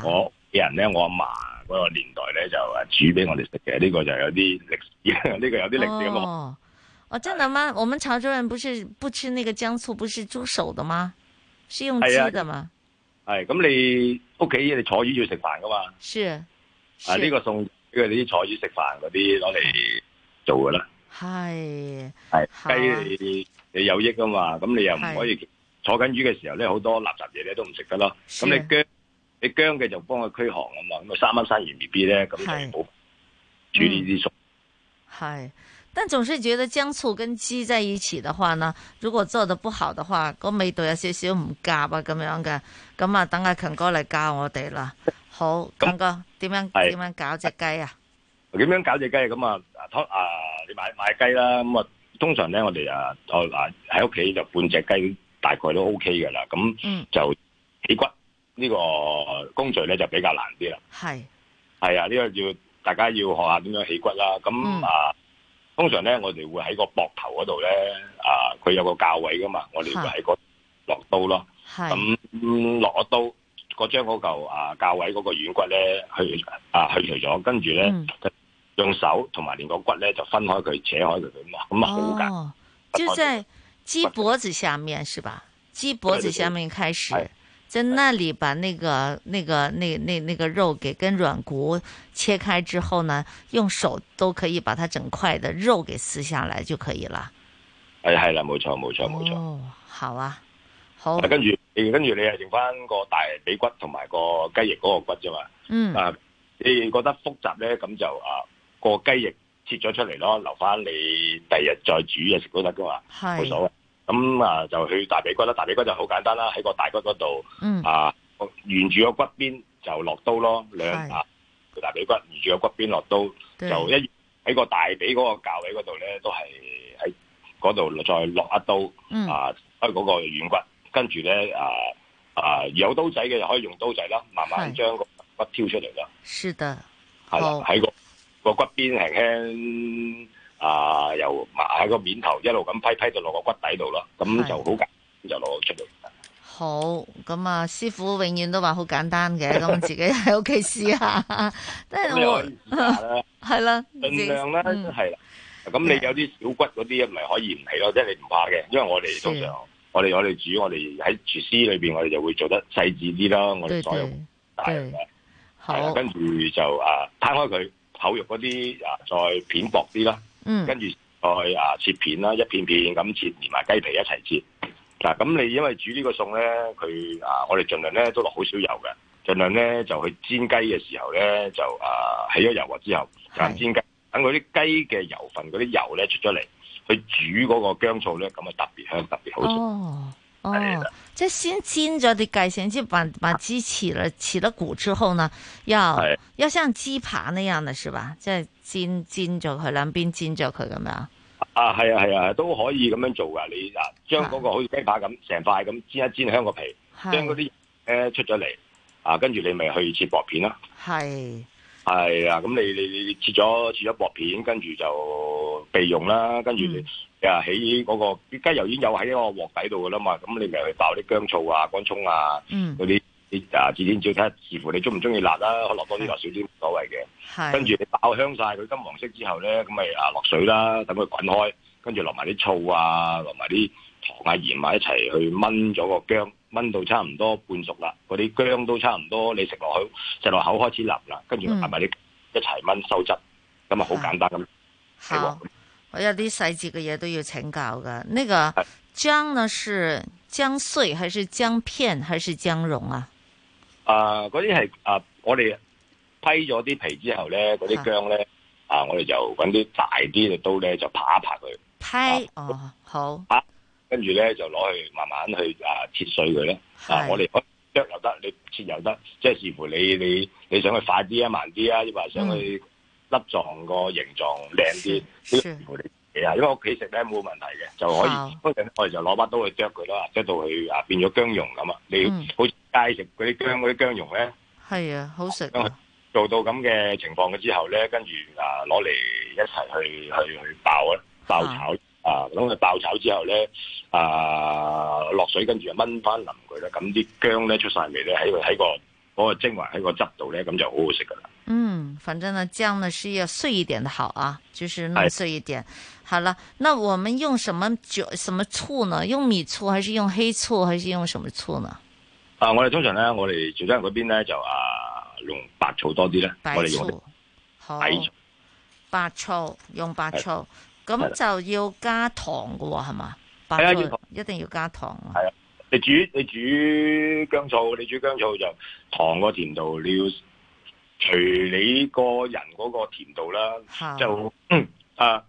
我人呢，我阿嫲。嗰個年代咧就煮俾我哋食嘅，呢、這個就有啲歷史，呢、這個有啲歷史咯。哦，嗯、哦，真的嗎？是我們潮州人不是不吃那個薑醋，不是豬手的嗎？是用雞的嗎？係咁、啊，那你屋企你坐月要食飯噶嘛？是，是啊，呢、這個餸，因為啲坐月食飯嗰啲攞嚟做噶啦。係系是是雞你是你有益噶嘛？咁是你又唔可以是坐緊月嘅時候咧，好多垃圾嘢咧都唔食得咯。咁你薑你薑嘅就幫佢驅寒啊嘛，咁三蚊生完 B B 咧，咁是就好煮呢啲餸。係、嗯，但總是覺得薑醋跟雞在一起嘅話呢，如果做得不好嘅話，個味道有少少唔夾啊咁樣嘅，咁啊等阿強哥嚟教我哋啦。好，強、嗯、哥點樣點是樣搞隻雞啊？點樣搞隻雞？咁啊，啊，你買買雞啦。咁啊，通常咧我哋啊，嗱喺屋企就半隻雞大概都 O K 噶啦。咁就起骨。嗯呢個工序咧就比較難啲啦，係係是啊，呢、這個要大家要學下點樣起骨啦。咁、嗯嗯、啊，通常咧我哋會喺個膊頭嗰度咧啊，佢有個較位噶嘛，我哋就喺個落刀咯。係咁是、嗯、落咗刀，嗰張嗰嚿啊較位嗰個軟骨咧去啊去除咗，跟住咧、嗯、用手同埋連個骨咧就分開佢扯開佢咁啊好噶，就在雞脖子下面是吧？雞脖子下面開始。在那裏把那個、那個、那個、那、那個肉給跟軟骨切開之後呢，用手都可以把它整塊的肉給撕下來就可以了。哎係啦，冇錯冇錯冇錯。沒錯沒錯哦，錯好啊，好。跟住、啊，跟住、欸、你係用翻個大髀骨同埋個雞翼嗰個骨啫嘛。嗯。啊，你覺得複雜呢？咁就啊、那個雞翼切咗出嚟咯，留翻你第日再煮就食都得噶嘛，冇是所謂。咁啊、嗯，就去大髀骨啦！大髀骨就好簡單啦，喺個大骨嗰度、嗯、啊，沿住個骨邊就落刀咯，兩啊個大髀骨沿住個骨邊落刀，對就一喺個大髀嗰個價位嗰度咧，都係喺嗰度再落一刀、嗯、啊，開嗰個軟骨，跟住咧啊啊有刀仔嘅就可以用刀仔啦，慢慢將個骨挑出嚟啦。是的，係喺、那個、那個骨邊輕輕。啊、呃，又抹喺個面頭，一路咁批批到落個骨底度啦，咁就好噶，就攞出嚟。好咁啊。師傅永遠都話好簡單嘅，咁自己喺屋企試下。即係我係啦，盡量啦，係啦。咁、嗯嗯、你有啲小骨嗰啲咪可以唔起咯，即係你唔怕嘅。因為我哋通常，我哋我哋煮我哋喺廚師裏邊，我哋就會做得細致啲啦。我哋再用大，人嘅。係啊，跟住就啊攤開佢口肉嗰啲啊，再片薄啲啦。嗯，跟住再啊切片啦，一片片咁切，連埋雞皮一齊切。嗱，咁你因為煮呢個餸咧，佢啊，我哋儘量咧都落好少油嘅，儘量咧就去煎雞嘅時候咧就啊起咗油鑊之後，啊是煎雞，等嗰啲雞嘅油份嗰啲油咧出咗嚟，去煮嗰個薑醋咧，咁啊特別香，特別好食。哦。哦，即係的、哦、先煎咗，啲雞成即係把把雞起咗起咗骨之後呢，要的要像雞扒那樣的是吧？即係煎煎咗佢，兩邊煎咗佢咁樣。啊，係啊係啊，都可以咁樣做噶。你啊，將嗰、那個好似雞扒咁成塊咁煎一煎，香個皮，將嗰啲誒出咗嚟啊，跟住你咪去切薄片啦。係係啊，咁你你你切咗切咗薄片，跟住就備用啦，跟住你、嗯。起喺、那、嗰個啲雞油已經有喺個鑊底度噶啦嘛，咁你咪去爆啲薑醋啊、乾葱啊，嗰啲啲啊指天椒睇下視乎你中唔中意辣啦、啊，落多啲落少啲冇所謂嘅。跟住你爆香晒佢金黃色之後咧，咁咪啊落水啦，等佢滾開，跟住落埋啲醋啊，落埋啲糖啊、鹽啊一齊去炆咗個薑，炆到差唔多半熟啦，嗰啲薑都差唔多，你食落口，食落口開始腍啦，跟住你埋啲一齊炆收汁，咁啊好簡單咁我有啲細節嘅嘢都要請教噶，那個、呢個薑呢是薑碎還是薑片還是薑蓉啊？啊，嗰啲係啊，我哋批咗啲皮之後咧，嗰啲薑咧啊，我哋就揾啲大啲嘅刀咧，就爬一爬它拍一拍佢，批、啊、哦，好。跟住咧就攞去慢慢去啊切碎佢啦。是啊，我哋剁又得，你切又得，即係視乎你你你想去快啲啊，慢啲啊，你、就、話、是、想去、嗯。粒狀個形狀靚啲，啲嘢啊，因為屋企食咧冇問題嘅，就可以，陣我哋就攞把刀去剁佢啦，剁到佢啊變咗薑蓉咁啊，刀刀嗯、你要好似街食嗰啲薑啲薑蓉咧，係啊，好食、啊。做到咁嘅情況嘅之後咧，跟住啊攞嚟一齊去去去爆啊爆炒啊，咁佢爆炒之後咧啊落水，跟住就炆翻淋佢啦，咁啲薑咧出晒嚟咧喺個喺個。嗰個精華喺個汁度咧，咁就好好食噶啦。嗯，反正呢醬呢是要碎一點的好啊，就是弄碎一點。的好了，那我們用什麼什麼醋呢？用米醋還是用黑醋，還是用什麼醋呢？啊，我哋通常呢，我哋潮州人嗰邊呢，就啊用白醋多啲咧醋。白醋，好。白醋用白醋，咁的就要加糖噶喎，係嘛？白醋一定要加糖啊。煮你煮薑醋，你煮薑醋就糖個甜度，你要隨你個人嗰個甜度啦。是的就嗯啊，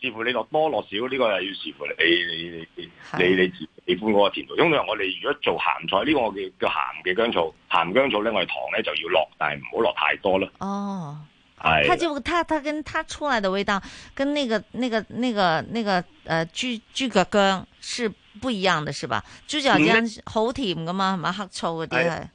視乎你落多落少，呢個又要視乎你你你你你你喜歡嗰個甜度。因為我哋如果做鹹菜，呢個我叫叫鹹嘅薑醋，鹹薑醋咧我哋糖咧就要落，但係唔好落太多啦。哦。它就，它它跟他出來的味道，跟那個那個那個那個，呃，豬豬腳薑是不一樣的，是吧？豬腳薑好甜噶嘛，係咪、嗯、呢黑醋嗰啲？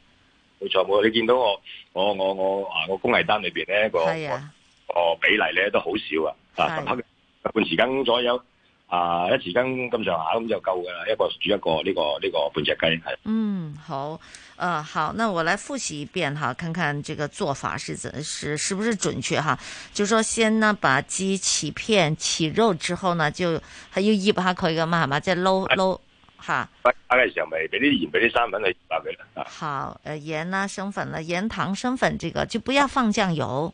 冇錯，冇你見到我，我我我行個工藝單裏邊咧、那個，個的比例咧都好少啊，啊十克，一半時間左右。啊！一匙羹咁上下咁就夠噶啦，一個煮一個呢、這個呢、這個半隻雞係。嗯，好，呃，好，那我來複習一遍哈，看看這個做法是怎是是不是準確哈、啊？就說先呢，把雞起片起肉之後呢，就還要醃一下佢嘅嘛，係嘛？再撈撈哈。的啊、打嘅時候咪俾啲鹽俾啲生粉去、啊、好，呃鹽啦、啊、生粉啦、鹽糖生粉，這個就不要放醬油。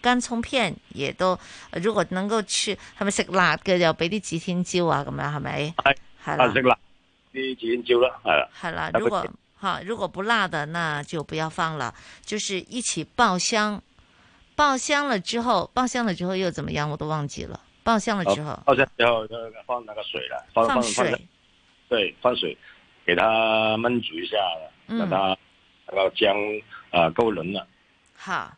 乾葱片也都，如果能夠吃，他們吃辣嘅要俾你指天椒啊，咁樣係咪？係係是啦，食辣啲指天椒啦，係啦。好啦，如果好，如果不辣的，那就不要放了，就是一起爆香，爆香，爆香了之後，爆香了之後又怎麼樣？我都忘記了。爆香了之後，哦、爆香之後，放那個水了，放放水，放水，對，放水，給它燜煮一下，讓它那個薑、嗯、啊夠輪了。好。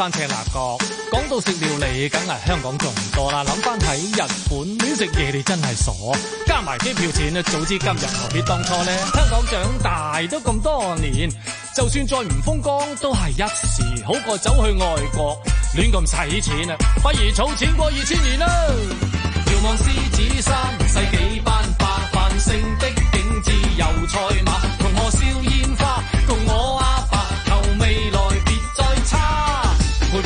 翻車辣角，講到食料理，梗係香港仲唔多啦。諗翻睇日本亂食嘢，你真係傻。加埋機票錢，早知今日何必當初呢？香港長大都咁多年，就算再唔風光，都係一時，好過走去外國亂咁使錢啊！不如儲錢過二千年啦。遙望獅子山，世紀班花繁盛的景緻，遊賽馬，同我燒煙花，同我。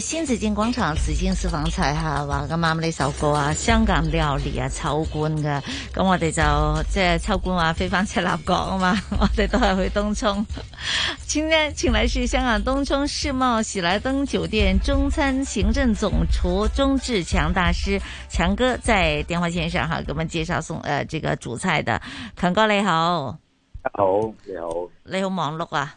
新紫荊廣場紫荊私房菜哈，話咁啱呢首歌啊，香港料理啊，超冠嘅，咁我哋就即係抽冠啊，飛返赤鱲角嘛，我哋都係去東涌。今天請來是香港東涌世貿喜來登酒店中餐行政總廚鍾志強大師，強哥在電話線上哈、啊，給我們介紹送呃這個主菜的。強哥你好，好你好，你好忙碌啊。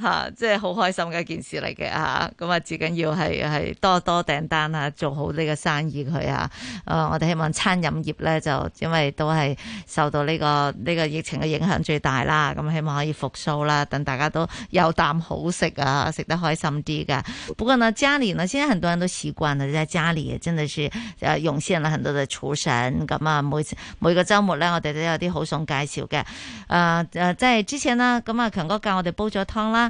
吓，即係好開心嘅一件事嚟嘅吓，咁啊至緊要係係多多訂單啊，做好呢個生意佢啊，誒，我哋希望餐飲業咧就因為都係受到呢個呢個疫情嘅影響最大啦，咁希望可以復甦啦，等大家都有啖好食啊，食得開心啲嘅。不過呢，家裏呢，現在很多人都習慣咗在家裏，真係是誒湧現啦很多嘅廚神，咁啊每每個周末咧，我哋都有啲好餸介紹嘅，誒，即係之前啦，咁啊強哥教我哋煲咗湯啦。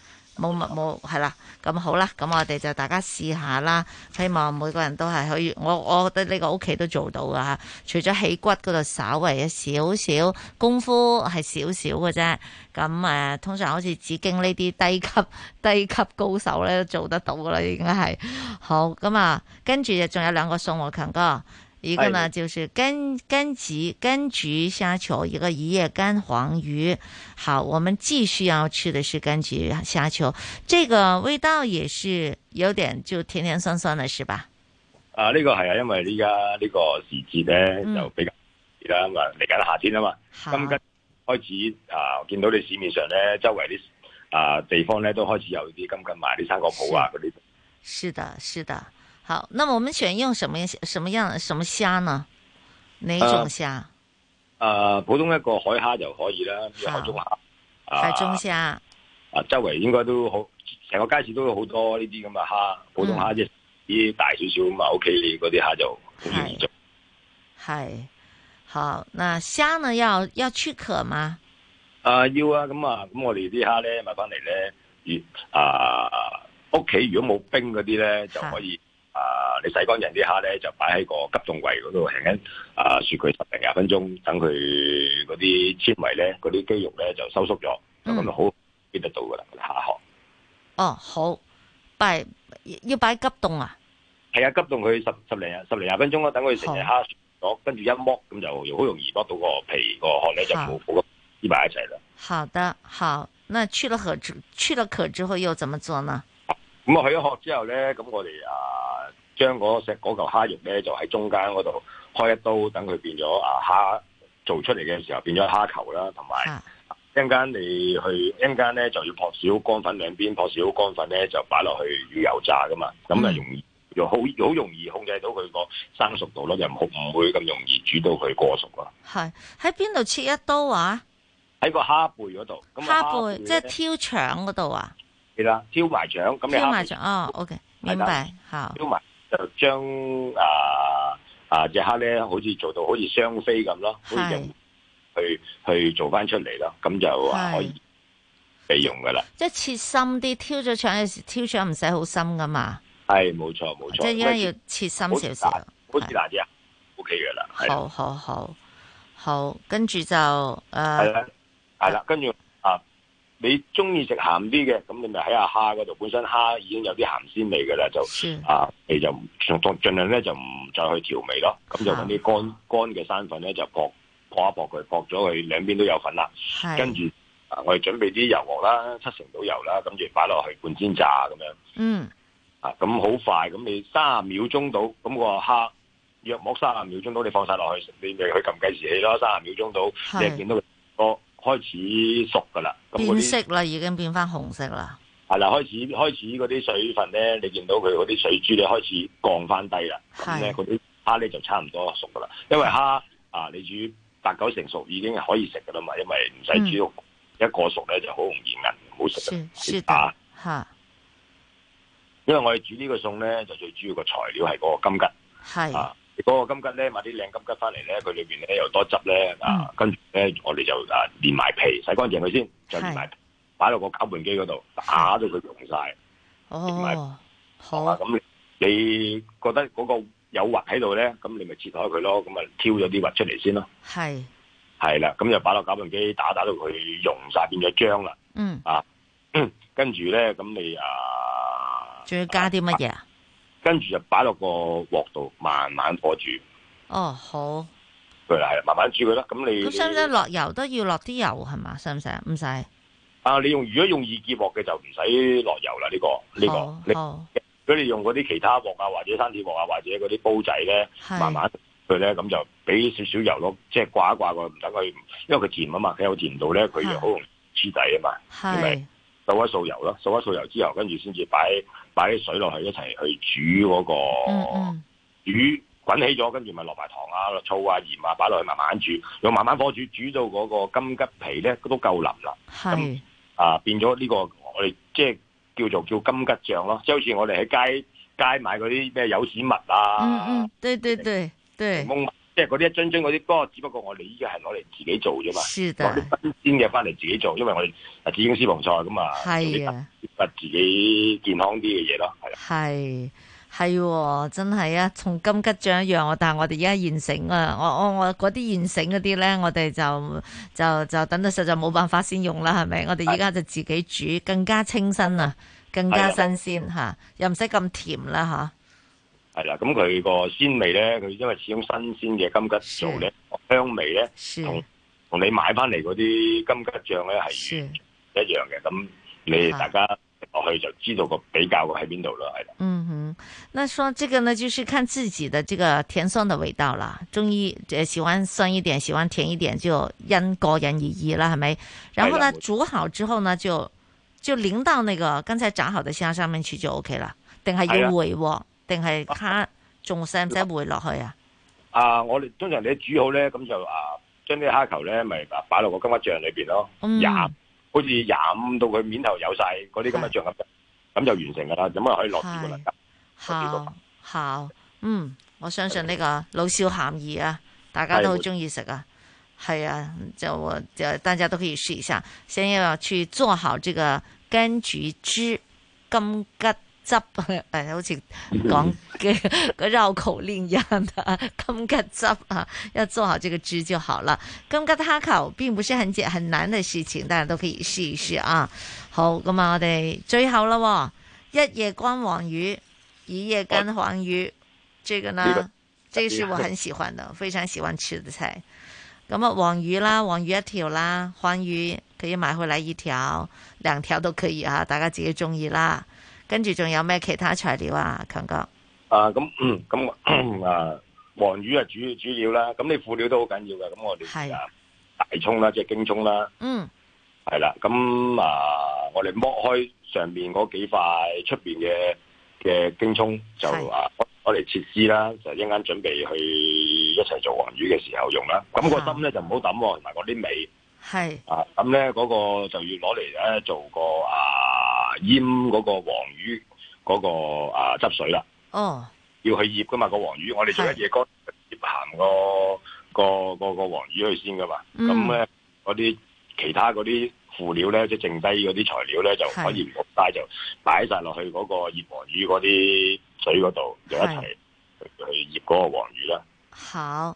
冇冇，冇係啦，咁好啦，咁我哋就大家試下啦，希望每個人都係可以，我我覺得呢個屋企都做到噶，除咗起骨嗰度稍微有少少功夫係少少嘅啫，咁通常好似紫經呢啲低級低級高手咧都做得到噶啦，應該係好咁啊，跟住就仲有兩個送和強哥。一個呢，是的 就是柑柑桔、柑桔蝦球，一個一葉乾黃魚。好，我們繼續要吃的是柑桔蝦球，這個味道也是有點就甜甜酸酸的，是吧？啊，呢、這個係啊，因為依家呢個時節咧、嗯、就比較而家嚟緊夏天啊嘛，柑桔好開始啊，見到你市面上咧，周圍啲啊地方咧都開始有啲金、桔賣啲生果舖啊嗰啲。是，些是的，是的。好，那麼我們選用什麼什麼樣什麼蝦呢？啊，哪種蝦？誒、啊，普通一個海蝦就可以啦，中蝦。海中蝦。啊，啊中蝦周圍應該都好，成個街市都有好多呢啲咁嘅蝦，普通蝦即係啲大少少咁嘛，屋企嗰啲蝦就好易做。係，好，那蝦呢要要去殼嗎？啊，要啊，咁啊，咁我哋啲蝦呢，買翻嚟呢，啊屋企如果冇冰嗰啲呢，是就可以。啊！你洗乾淨啲蝦咧，就擺喺個急凍櫃嗰度，輕輕啊，雪佢十零廿分鐘，等佢嗰啲纖維咧、嗰啲肌肉咧就收縮咗，咁、嗯、就好見得，得到噶啦，蝦殼。哦，好，擺要擺急凍啊？係啊，急凍佢十十零廿十零廿分鐘咯，等佢成隻蝦雪咗，跟住好一剝，咁就好容易剝到個皮個殼咧，好就好好咁黐埋一齊啦。好的，好，那去了殼之去了殼之後又怎麼做呢？咁啊，去咗殼之後咧，咁我哋啊，將嗰石嗰嚿蝦肉咧，就喺中間嗰度開一刀，等佢變咗啊蝦做出嚟嘅時候變咗蝦球啦，同埋一陣間你去一陣間咧就要撲少乾粉兩邊撲少乾粉咧就擺落去要油炸噶嘛，咁啊容易又好好容易控制到佢個生熟度咯，又唔唔會咁容易煮到佢過熟咯。係喺邊度切一刀啊？喺個蝦背嗰度，蝦背，蝦背即係挑腸嗰度啊？啦，挑埋腸，咁樣挑埋腸哦，OK，明白吓，挑埋就將啊啊隻蝦咧，好似做到好似雙飛咁咯，好用去去做翻出嚟咯，咁就可以備用噶啦。即係切深啲，挑咗腸嘅時，挑腸唔使好深噶嘛。係，冇錯冇錯。即係而家要切深少少，好似大啲啊。OK 噶啦，好好好好，跟住就誒，係係啦，跟住。你中意食鹹啲嘅，咁你咪喺阿蝦嗰度，本身蝦已經有啲鹹鮮味噶啦，就的啊，你就從盡量咧就唔再去調味咯，咁的就搵啲乾乾嘅生粉咧就撲一撲佢，撲咗佢兩邊都有份啦，的跟住啊，我哋準備啲油鑊啦，七成度油啦，跟住擺落去半煎炸咁樣，嗯啊，咁好快，咁你三十秒鐘到，咁、那個蝦約莫三十秒鐘到，你放晒落去，你咪去撳計時器咯，三十秒鐘到，的你見到佢多。開始熟噶啦，那那變色啦，已經變翻紅色啦。係啦，開始開始嗰啲水分咧，你見到佢嗰啲水珠咧開始降翻低啦，咁咧嗰啲蝦咧就差唔多熟噶啦。因為蝦的啊，你煮八九成熟已經可以食噶啦嘛，因為唔使煮肉，一個熟咧、嗯、就好容易韌，唔好食。是雪、啊、是的，吓。因為我哋煮這個呢個餸咧，就最主要個材料係嗰個金桔。係的啊。嗰個金桔咧，買啲靚金桔翻嚟咧，佢裏邊咧又多汁咧，啊，跟住咧，我哋就啊，連埋皮，洗乾淨佢先，就連埋皮，擺落個攪拌機嗰度打到佢溶晒，哦，好啊，咁你你覺得嗰個有核喺度咧，咁你咪切開佢咯，咁啊挑咗啲核出嚟先咯，係，係啦，咁就擺落攪拌機打打到佢溶晒，變咗漿啦，嗯，啊，跟住咧，咁你啊，仲要加啲乜嘢啊？跟住就擺落個鑊度慢慢火煮。哦，好。佢係慢慢煮佢啦。咁你咁使唔使落油都你要落啲油係嘛？使唔使？唔使。唔使啊，你用如果用易潔鑊嘅就唔使落油啦。呢個呢個，呢個哦、你。哦、如果你用嗰啲其他鑊啊，或者生鐵鑊啊，或者嗰啲煲仔咧，是慢慢佢咧咁就俾少少油咯，即係掛一掛佢，唔等佢，因為佢甜啊嘛，佢有甜度咧，佢又好容易黐底啊嘛。係是。掃一掃油咯，掃一掃油之後，跟住先至擺。擺啲水落去一齊去煮嗰個魚滾、嗯嗯、起咗，跟住咪落埋糖啊、醋啊、鹽啊，擺落去慢慢煮，用慢慢火煮，煮到嗰個金桔皮咧都夠腍啦。咁啊是、嗯呃、變咗呢、這個我哋即係叫做叫金桔醬咯，即係好似我哋喺街街買嗰啲咩有屎物啊。嗯嗯，對對對對。即係嗰啲一樽樽嗰啲歌，只不過我哋依家係攞嚟自己做啫嘛，攞啲的新鮮嘅翻嚟自己做，因為我哋啊紫荊私房菜㗎嘛。係啊的，自己健康啲嘅嘢咯，係啦，係係、哦、真係啊，同金桔醬一樣，但係我哋而家現成啊，我我我啲現成嗰啲咧，我哋就就就等到實在冇辦法先用啦，係咪？是的我哋依家就自己煮，更加清新啊，更加新鮮吓的、啊，又唔使咁甜啦，吓、啊。係啦，咁佢個鮮味咧，佢因為始終新鮮嘅金桔做咧，是香味咧同同你買翻嚟嗰啲金桔醬咧係一樣嘅，咁是你大家食落去就知道個比較喺邊度啦，係啦的。的嗯哼，那說這個呢，就是看自己的這個甜酸的味道啦。中醫，喜歡酸一點，喜歡甜一點，就因個人而異啦，係咪？然後呢，的煮好之後呢，就就淋到那個剛才炸好的蝦上面去就 OK 啦。定下有味喎。定係蝦仲使唔使回落去啊？啊？啊！我哋通常你煮好咧，咁就啊，將啲蝦球咧，咪擺落個金桔醬裏邊咯、嗯，好似醃到佢面頭有晒嗰啲咁嘅醬汁咁，咁是就完成噶啦，咁啊可以落碟噶啦，好，好，嗯，我相信呢個老少咸宜啊，的大家都好中意食啊，係啊的，的就就大家都可以試一下，先要去做好這個柑橘汁金桔。汁，誒、 哎，好似講嘅嗰繞口令一樣啊！金桔汁啊，要做好這個汁就好了。金桔蝦球並不是很熱很難的事情，大家都可以試一試啊！好咁啊，我哋最後啦，一夜乾黃魚，一夜乾黃魚，這個呢，這個、是我很喜歡的，哎、呀非常喜歡吃的菜。咁啊、哎呀，黃魚啦，黃魚一條啦，黃魚可以買回來一條、兩條都可以啊，大家自己中意啦。跟住仲有咩其他材料啊，強哥？啊，咁咁啊，黃魚啊主主要啦，咁你輔料都好緊要嘅，咁我哋係啊大蔥啦，即係京蔥啦，嗯，係啦，咁啊，我哋剝開上面嗰幾塊出邊嘅嘅京蔥就啊，我哋是切絲啦，就一陣間準備去一齊做黃魚嘅時候用啦，咁、個心咧是就唔好抌，同埋嗰啲尾。係是啊，咁咧嗰個就要攞嚟咧做個啊腌嗰個黃魚嗰、那個啊汁水啦。哦，oh, 要去腌噶嘛、那個黃魚，我哋做一夜歌腌鹹個是鹹鹹個個，個，個黃魚去先噶嘛。咁咧嗰啲其他嗰啲輔料咧，即係剩低嗰啲材料咧是就可以用呆就擺晒落去嗰個腌黃魚嗰啲水嗰度是就一齊去腌嗰個黃魚啦。好。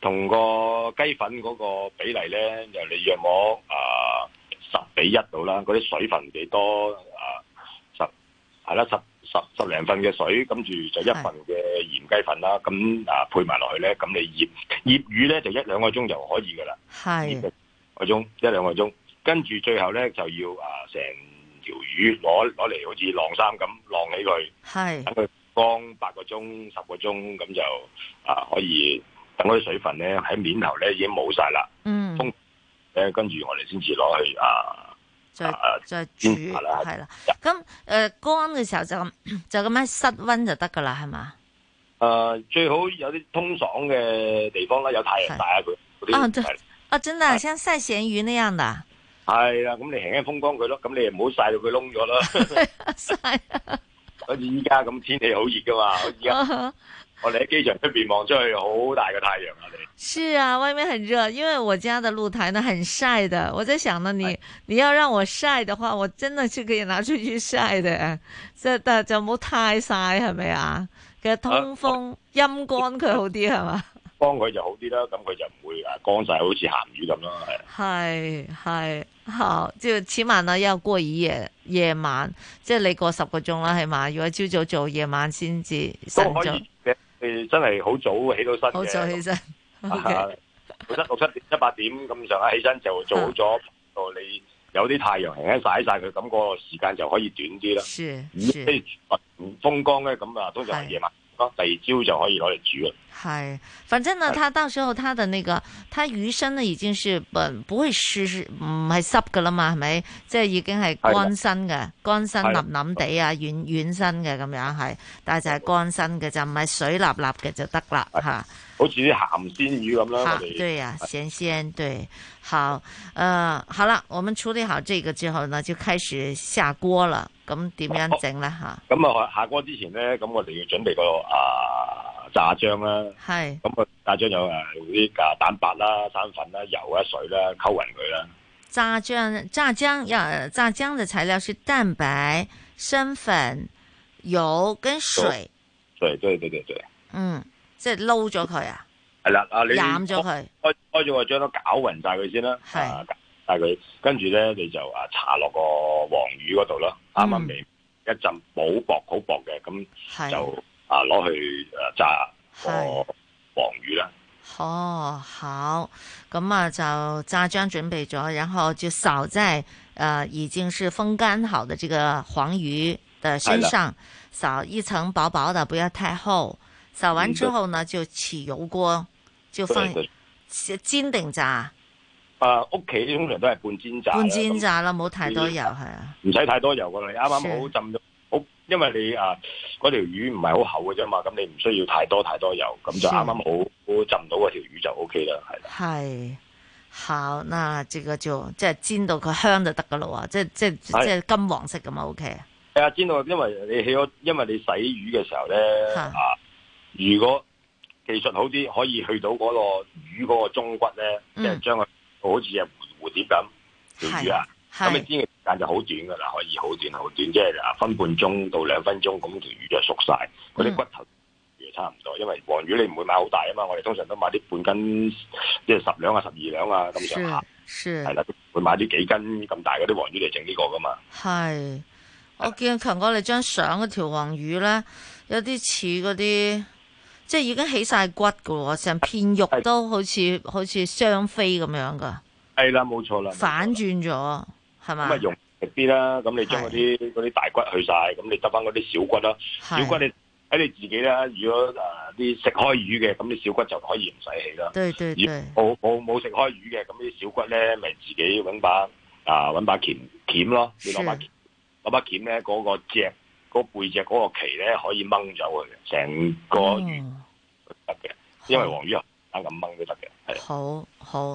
同個雞粉嗰個比例咧，就是、你約我啊十比一度啦。嗰、呃、啲水分幾多啊？十係啦，十十十零份嘅水，跟住就一份嘅鹽雞粉啦。咁是的 啊配埋落去咧，咁你醃醃魚咧，就一兩個鐘就可以噶啦。係是的 一個鐘一兩個鐘，跟住最後咧就要啊成條魚攞攞嚟，好似晾衫咁晾起佢。係是的 等佢乾八個鐘十個鐘，咁就啊可以。等啲水分咧喺面頭咧已經冇晒啦，風，跟住我哋先至攞去啊啊再煮。係啦係啦，咁誒乾嘅時候就就咁樣室温就得噶啦係嘛？誒最好有啲通爽嘅地方啦，有太陽曬下佢嗰啲係啊，真的像曬鹹魚那樣的係啊？咁你輕輕風乾佢咯，咁你唔好曬到佢燶咗啦，曬好似依家咁天氣好熱噶嘛，我哋喺機場出邊望出去，好大嘅太陽啊！你是啊，外面很熱，因為我家的露台呢，很曬的。我在想呢，你是你要讓我曬的話，我真的是可以拿出去曬的，即但就唔好太曬，係咪啊？其實通風陰乾佢好啲係嘛？幫佢就好啲啦，咁佢就唔會啊乾曬，好似鹹魚咁啦，係係好，即起碼呢，要過一夜夜晚，即你過十個鐘啦，起碼如果朝早做，夜晚先至。都可以誒、嗯，真係好早起到身嘅，好早起身。本身六七點、七八點咁上下起身就做好咗，度 你有啲太陽，輕輕曬曬，佢咁個時間就可以短啲啦。是是，唔、嗯、風光咧，咁啊，通常係夜晚。第二朝就可以攞嚟煮啦。係，反正呢，他到時候他的那個，是的 他魚身呢已經是不會濕、不會濕，唔係濕噶啦嘛，係咪？即係已經係乾身嘅，乾是的 身冧冧地啊，軟軟身嘅咁樣係，但係就係乾身嘅是的 就唔係水立立嘅就得啦吓。是的 好似啲鹹鮮魚咁啦，對呀，鹹鮮對，好，呃，好啦，我們處理好這個之後呢，就開始下鍋啦。咁點樣整咧吓？咁啊、哦，哦、下鍋之前呢，咁我哋要準備個啊、呃、炸漿啦。係是。咁個炸漿有誒啲蛋白啦、生粉啦、油啊、水啦，溝勻佢啦。炸漿炸漿，炸漿嘅、呃、材料是蛋白、生粉、油跟水。對對對對對。對對對對嗯。即係撈咗佢啊！係啦，啊你咗佢，開開咗話將佢攪匀晒佢先啦，係的、嗯、啊，晒佢，跟住咧你就啊，搽落個黃魚嗰度咯，啱啱未一陣好薄好薄嘅，咁就啊攞去誒炸個黃魚啦。哦好，咁啊就炸漿準備咗，然後就掃即係誒、呃、已經是風乾好嘅呢個黃魚嘅身上，掃的一層薄薄的，不要太厚。炸完之後呢，就起油鍋，就放煎定炸。啊，屋企通常都係半煎炸。半煎炸啦，冇那那太多油係啊。唔使太多油噶啦，你啱啱好浸到好，因為你啊嗰條魚唔係好厚嘅啫嘛，咁你唔需要太多太多油，咁就啱啱好好浸到嗰條魚就 OK 啦，係。係好，嗱，這個就，即係煎到佢香就得噶啦，即係即係是即係金黃色噶嘛，OK。係啊，煎到因為你起咗，因為你洗魚嘅時候咧如果技術好啲，可以去到嗰個魚嗰個中骨咧，即係、嗯、將佢好似係蝴蝴蝶咁條魚啊，咁是你煎嘅時間就好短噶啦，可以好短好短，即、就、係、是、分半分鐘到兩分鐘，咁條魚就熟晒，嗰啲骨頭亦差唔多，嗯、因為黃魚你唔會買好大啊嘛，我哋通常都買啲半斤，即、就、係、是、十兩啊十二兩啊咁就係啦，會買啲幾斤咁大嗰啲黃魚嚟整呢個噶嘛。係是，是我見強哥你張相嗰條黃魚咧，有啲似嗰啲。即係已經起晒骨噶喎，成片肉都好似是好似雙飛咁樣噶。係啦，冇錯啦。反轉咗係嘛？咁咪吧用食啲啦，咁你將嗰啲啲大骨去晒，咁你執翻嗰啲小骨啦。的小骨你睇你自己啦。如果誒啲、呃、食開魚嘅，咁啲小骨就可以唔使起啦。冇冇冇食開魚嘅，咁啲小骨咧，咪自己揾把啊揾把鉗鉗咯。你攞把攞的把鉗咧，嗰、嗰個隻。背個背脊嗰個鰭咧，可以掹走佢嘅，成個魚得嘅，因為黃魚啊，單咁掹都得嘅，係好好。好。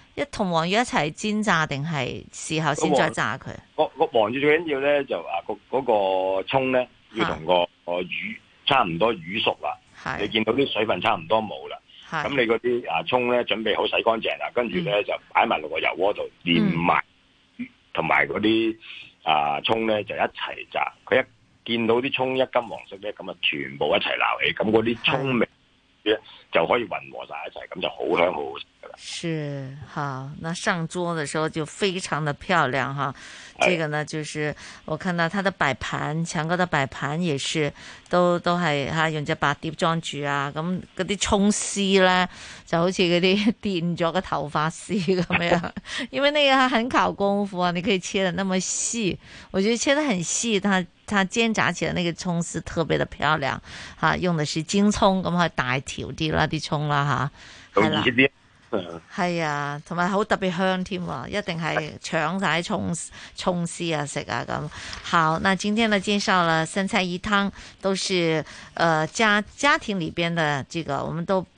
一同黃魚一齊煎炸，定係事後先再炸佢？嗰個黃魚最緊要咧就話，嗰嗰個蔥咧要同個個魚的差唔多魚熟啦，的你見到啲水分差唔多冇啦，咁的你嗰啲啊蔥咧準備好洗乾淨啦，跟住咧就擺埋落個油鍋度連埋同埋嗰啲啊蔥咧就一齊炸。佢一見到啲蔥一金黃色咧，咁啊全部一齊撈起，咁嗰啲蔥味。就可以混合晒一齊，咁就很香很好香好好食噶啦。是，好，那上桌嘅時候就非常的漂亮哈。是這個呢，就是我看到它的擺盤，強哥的擺盤也是，都都係哈用隻白碟裝住啊。咁啲蔥絲咧，就好似啲墊咗個頭髮絲咁樣， 因為那個很考功夫啊，你可以切得那麼細，我覺得切得很細，它它煎炸起來的那個蔥絲特別的漂亮，哈、啊，用的是金蔥咁啊大條啲啦。啲蔥啦吓，係啦，係啊，同埋好特別香添，一定係搶晒蔥蔥絲啊食啊咁。好，那今天介呢介紹了三菜一湯，都是誒、呃、家家庭裏邊的這個，我們都。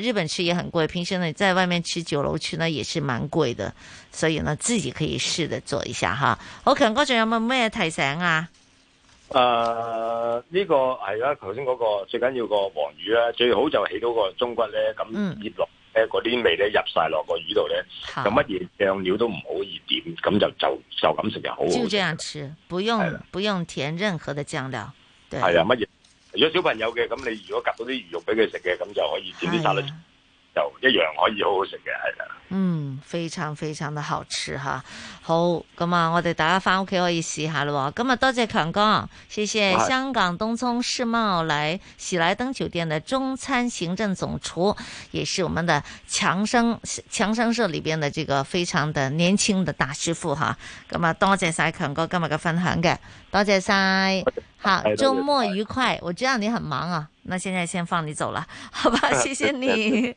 日本吃也很貴，平時呢在外面吃，酒樓吃呢也是蠻貴的，所以呢自己可以試的做一下哈。強哥，仲有冇咩提醒啊？誒，呢個係啦，頭先嗰個最緊要個黃魚咧，最好就起到個中骨咧，咁醃落咧，嗰啲味咧入晒落個魚度咧，就乜嘢醬料都唔好鹽點，咁就就就咁食就好。就這樣吃，不用的不用填任何的醬料，係啊乜嘢？如果小朋友嘅咁，你如果夾到啲魚肉俾佢食嘅，咁就可以點啲沙律。就一樣可以好好食嘅，係啦。嗯，非常非常的好吃吓，好，咁啊！我哋大家返屋企可以試下咯。咁啊，多謝強哥，謝謝香港東涌世貿來喜來登酒店的中餐行政總廚，是的也是我們的強生強生社裏邊的這個非常的年輕的大師傅哈。咁啊的，多謝晒強哥今日嘅分享嘅，多謝晒。好，周末愉快。的愉快我知道你很忙啊，那現在先放你走了，好吧？謝謝你。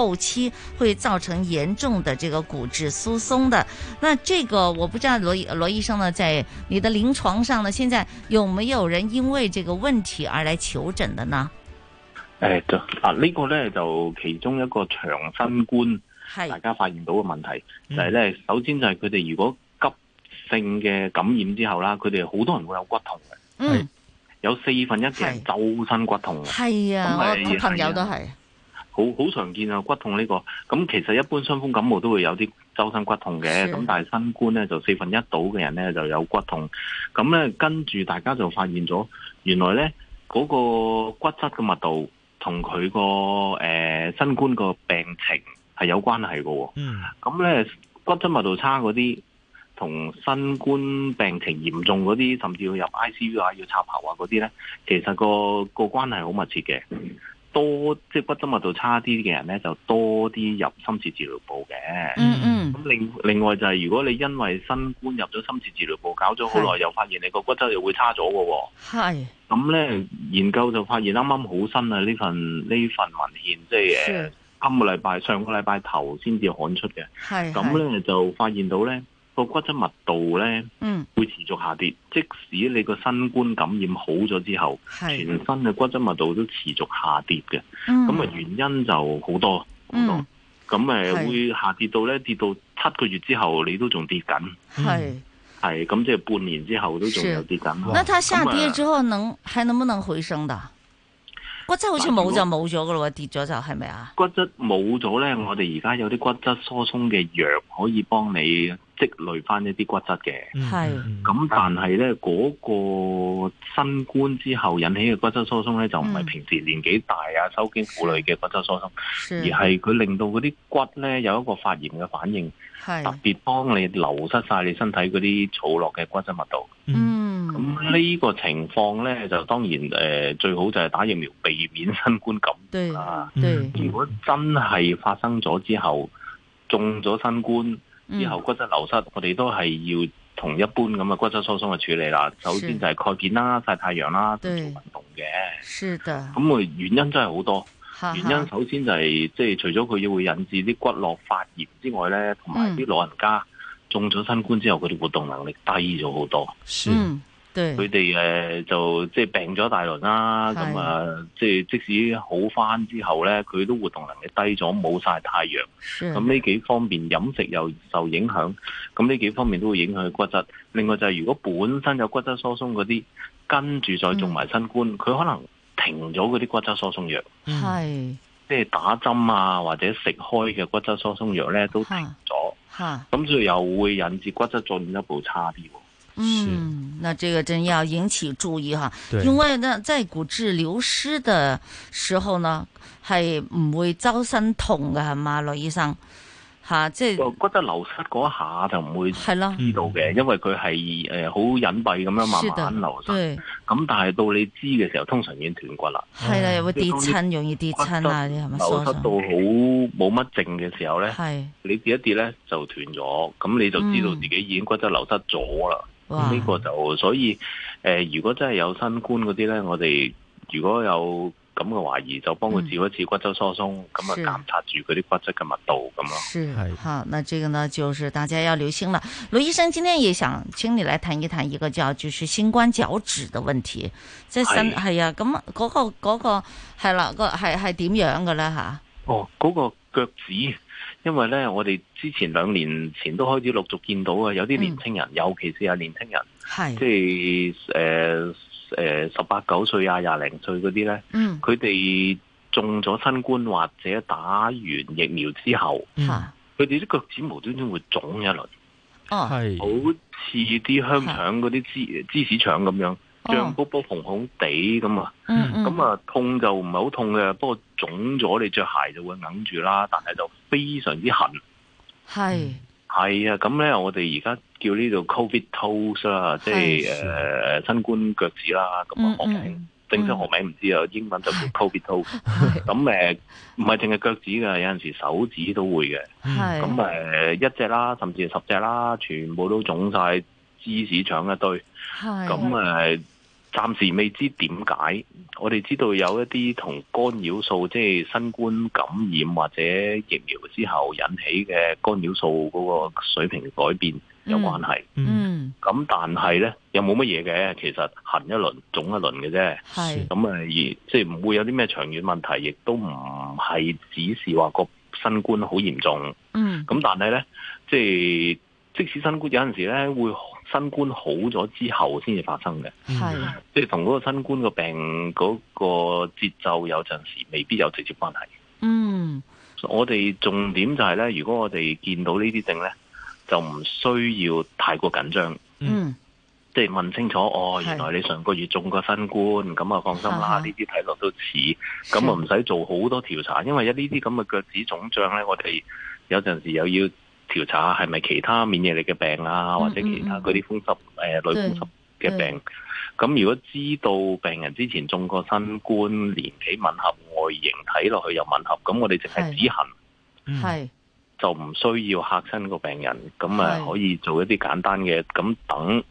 後期會造成嚴重的這個骨質疏鬆的，那這個我不知道羅羅醫生呢，在你的臨床上呢，現在有沒有人因為這個問題而來求診的呢？誒，就啊，呢個就其中一個長新冠。大家發現到嘅問題是就係、嗯、首先就係佢哋如果急性嘅感染之後啦，佢哋好多人會有骨痛嘅，嗯，有四分一嘅人是周身骨痛的，係啊，那麼 我朋友都係。好好常見啊，骨痛呢個，咁其實一般傷風感冒都會有啲周身骨痛嘅，咁的但係新冠咧就四分一到嘅人咧就有骨痛，咁咧跟住大家就發現咗，原來咧嗰個骨質嘅密度同佢個誒新冠個病情係有關係嘅喎，咁咧骨質密度差嗰啲同新冠病情嚴重嗰啲，甚至要入 ICU 啊要插喉啊嗰啲咧，其實個個關係好密切嘅。嗯多即係骨質密度差啲嘅人咧，就多啲入深切治療部嘅，嗯。嗯嗯。咁另另外就係如果你因為新冠入咗深切治療部，搞咗好耐，是又發現你個骨質又會差咗嘅。係是。咁咧研究就發現啱啱好新啊！呢份呢份文獻即係誒，今個禮拜上個禮拜，拜頭先至刊出嘅。係。咁咧就發現到咧。個骨質密度咧，嗯，會持續下跌。即使你個新冠感染好咗之後，全身嘅骨質密度都持續下跌嘅。咁啊原因就好多好多。咁誒會下跌到咧，跌到七個月之後，你都仲跌緊。係係咁即係半年之後都仲有跌緊。那它下跌之後能還能不能回升的？骨質好似冇就冇咗噶咯，跌咗就係咪啊？骨質冇咗咧，我哋而家有啲骨質疏鬆嘅藥可以幫你。積累翻一啲骨質嘅，係咁是，咁但係咧嗰個新冠之後引起嘅骨質疏鬆咧，就唔係平時年紀大啊、嗯、收經婦女嘅骨質疏鬆，是是而係佢令到嗰啲骨咧有一個發炎嘅反應，是特別幫你流失晒你身體嗰啲儲落嘅骨質密度。嗯，咁呢個情況咧就當然誒、呃、最好就係打疫苗避免新冠感染對啊。對如果真係發生咗之後中咗新冠。以、嗯、後骨質流失，我哋都係要同一般咁嘅骨質疏鬆嘅處理啦。是首先就係鈣片啦、晒太陽啦，對做運動嘅。咁啊的，原因真係好多。哈哈原因首先就係即係除咗佢要會引致啲骨骼發炎之外呢，同埋啲老人家中咗新冠之後，佢哋活動能力低咗好多。是的。嗯佢哋對、呃、就即係病咗大輪啦，咁啊，是即係即使好翻之後咧，佢都活動能力低咗，冇晒太陽。咁呢的幾方面飲食又受影響，咁呢幾方面都會影響佢骨質。另外就係如果本身有骨質疏鬆嗰啲跟住再中埋新冠，佢、嗯、可能停咗嗰啲骨質疏鬆藥，係的即係打針啊或者食開嘅骨質疏鬆藥咧都停咗，咁的所以又會引致骨質進一步差啲。嗯，那呢個真要引起注意吓，因為呢，在骨質流失嘅時候呢，係唔會周身痛嘅係嘛，羅醫生，吓，即係。骨質流失嗰下就唔會知道嘅，因為佢係誒好隱蔽咁樣慢慢流失。對，咁但係到你知嘅時候，通常已經斷骨啦。係啦，又會跌親，容易跌親啊啲係咪疏忽？流失到好冇乜症嘅時候咧，係你跌一跌咧就斷咗，咁你就知道自己已經骨質流失咗啦。呢哇個就所以誒、呃，如果真係有新冠嗰啲咧，我哋如果有咁嘅懷疑，就幫佢照一次骨質疏鬆咁啊，監、嗯、察住佢啲骨質嘅密度咁咯。是，是好，那這個呢，就是大家要留心啦。羅醫生，今天也想請你來談一談一個叫就是新冠腳趾的問題，即係新係啊，咁嗰、那個嗰、那個係啦，那個係係點樣嘅咧吓？哦，嗰、那個腳趾。因為咧，我哋之前兩年前都開始陸續見到啊，有啲年輕人，嗯、尤其是係年輕人，是即係誒誒十八九歲啊、廿零歲嗰啲咧，佢哋、嗯、中咗新冠或者打完疫苗之後，佢哋啲腳趾無端端會腫一輪，係是好似啲香腸嗰啲芝是芝士腸咁樣。脹卜卜紅紅地咁啊，咁啊痛就唔係好痛嘅，不過腫咗你着鞋就會揞住啦，但係就非常之痕。係係啊，咁咧我哋而家叫呢度 Covid toes 啦，即係誒新冠腳趾啦，咁學名正式學名唔知啊，英文就叫 Covid toes。咁誒唔係淨係腳趾噶，有陣時手指都會嘅。係咁誒，一隻啦，甚至十隻啦，全部都腫晒芝士腸一堆。係咁誒，暫時未知點解，我哋知道有一啲同干擾素，即係新冠感染或者疫苗之後引起嘅干擾素嗰個水平改變有關係。嗯。嗯，咁但係咧又冇乜嘢嘅，其實行一輪，總一輪嘅啫。係咁誒，亦即係唔會有啲咩長遠問題，亦都唔係只是話個新冠好嚴重。嗯，咁但係咧，即係即使新冠有陣時咧會。新冠好咗之後先至發生嘅，係即係同嗰個新冠個病嗰個節奏有陣時未必有直接關係。嗯，我哋重點就係、是、咧，如果我哋見到這些呢啲症咧，就唔需要太過緊張。嗯，即係問清楚，哦，原來你上個月中過新冠，咁啊的放心啦，呢啲睇落都似，咁我唔使做好多調查，的因為一呢啲咁嘅腳趾腫脹咧，我哋有陣時又要。調查下係咪其他免疫力嘅病啊，或者其他嗰啲風濕誒類風濕嘅病。咁如果知道病人之前中過新冠，年紀吻合，外形睇落去又吻合，咁我哋淨係止痕，係就唔需要嚇親個病人。咁啊可以做一啲簡單嘅，咁是等。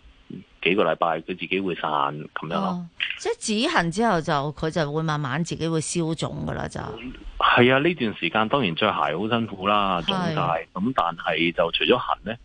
幾個禮拜佢自己會散咁樣咯，即係止痕之後就佢就會慢慢自己會消腫噶啦就。係啊，呢段時間當然着鞋好辛苦啦，仲大。咁，但係就除咗痕咧，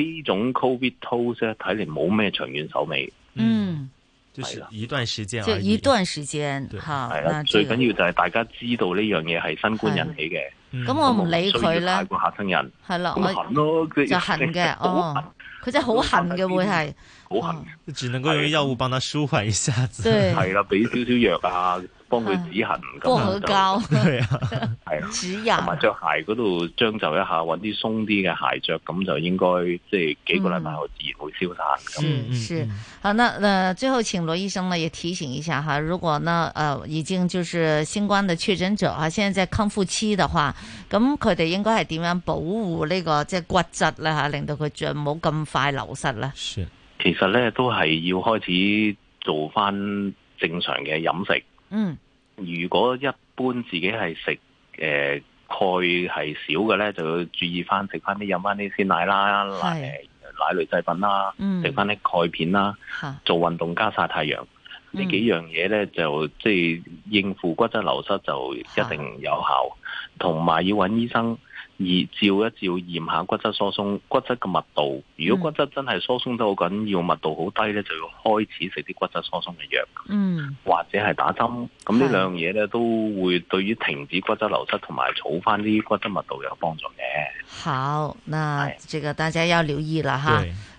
呢種 Covid toes 咧睇嚟冇咩長遠手尾。嗯，係啦，一段時間就一段時間吓，係啦，最緊要就係大家知道呢樣嘢係新冠引起嘅，咁我唔理佢啦。唔好太過吓親人，係咯，就痕咯，就痕嘅，哦，佢真係好痕嘅會係。好痕、哦，只能夠用藥物幫他舒緩一下子。係啦對，俾少少藥啊，幫佢、啊、止痕。薄荷膏，過膠對啊，係 啊，止癢同埋着鞋嗰度將就一下，揾啲鬆啲嘅鞋着，咁就應該即係幾個禮拜我自然會消散。嗯，嗯好，啦，誒、呃，最後請羅醫生呢，也提醒一下哈，如果呢，誒、呃，已經就是新冠的確診者啊，現在在康復期的話，咁佢哋應該係點樣保護呢個即係骨質啦吓，令到佢着冇咁快流失啦。其實咧都係要開始做翻正常嘅飲食。嗯，如果一般自己係食誒鈣係少嘅咧，就要注意翻食翻啲飲翻啲鮮奶啦，奶是奶類製品啦，食翻啲鈣片啦，是做運動加曬太陽，呢、嗯、幾樣嘢咧就即係應付骨質流失就一定有效，同埋是要搵醫生。而照一照，驗下骨質疏鬆、骨質嘅密度。如果骨質真係疏鬆得好緊要，密、嗯、度好低呢，就要開始食啲骨質疏鬆嘅藥。嗯，或者係打針。咁呢兩樣嘢呢，的都會對於停止骨質流失同埋儲翻啲骨質密度有幫助嘅。好，那這個大家要留意啦，哈的。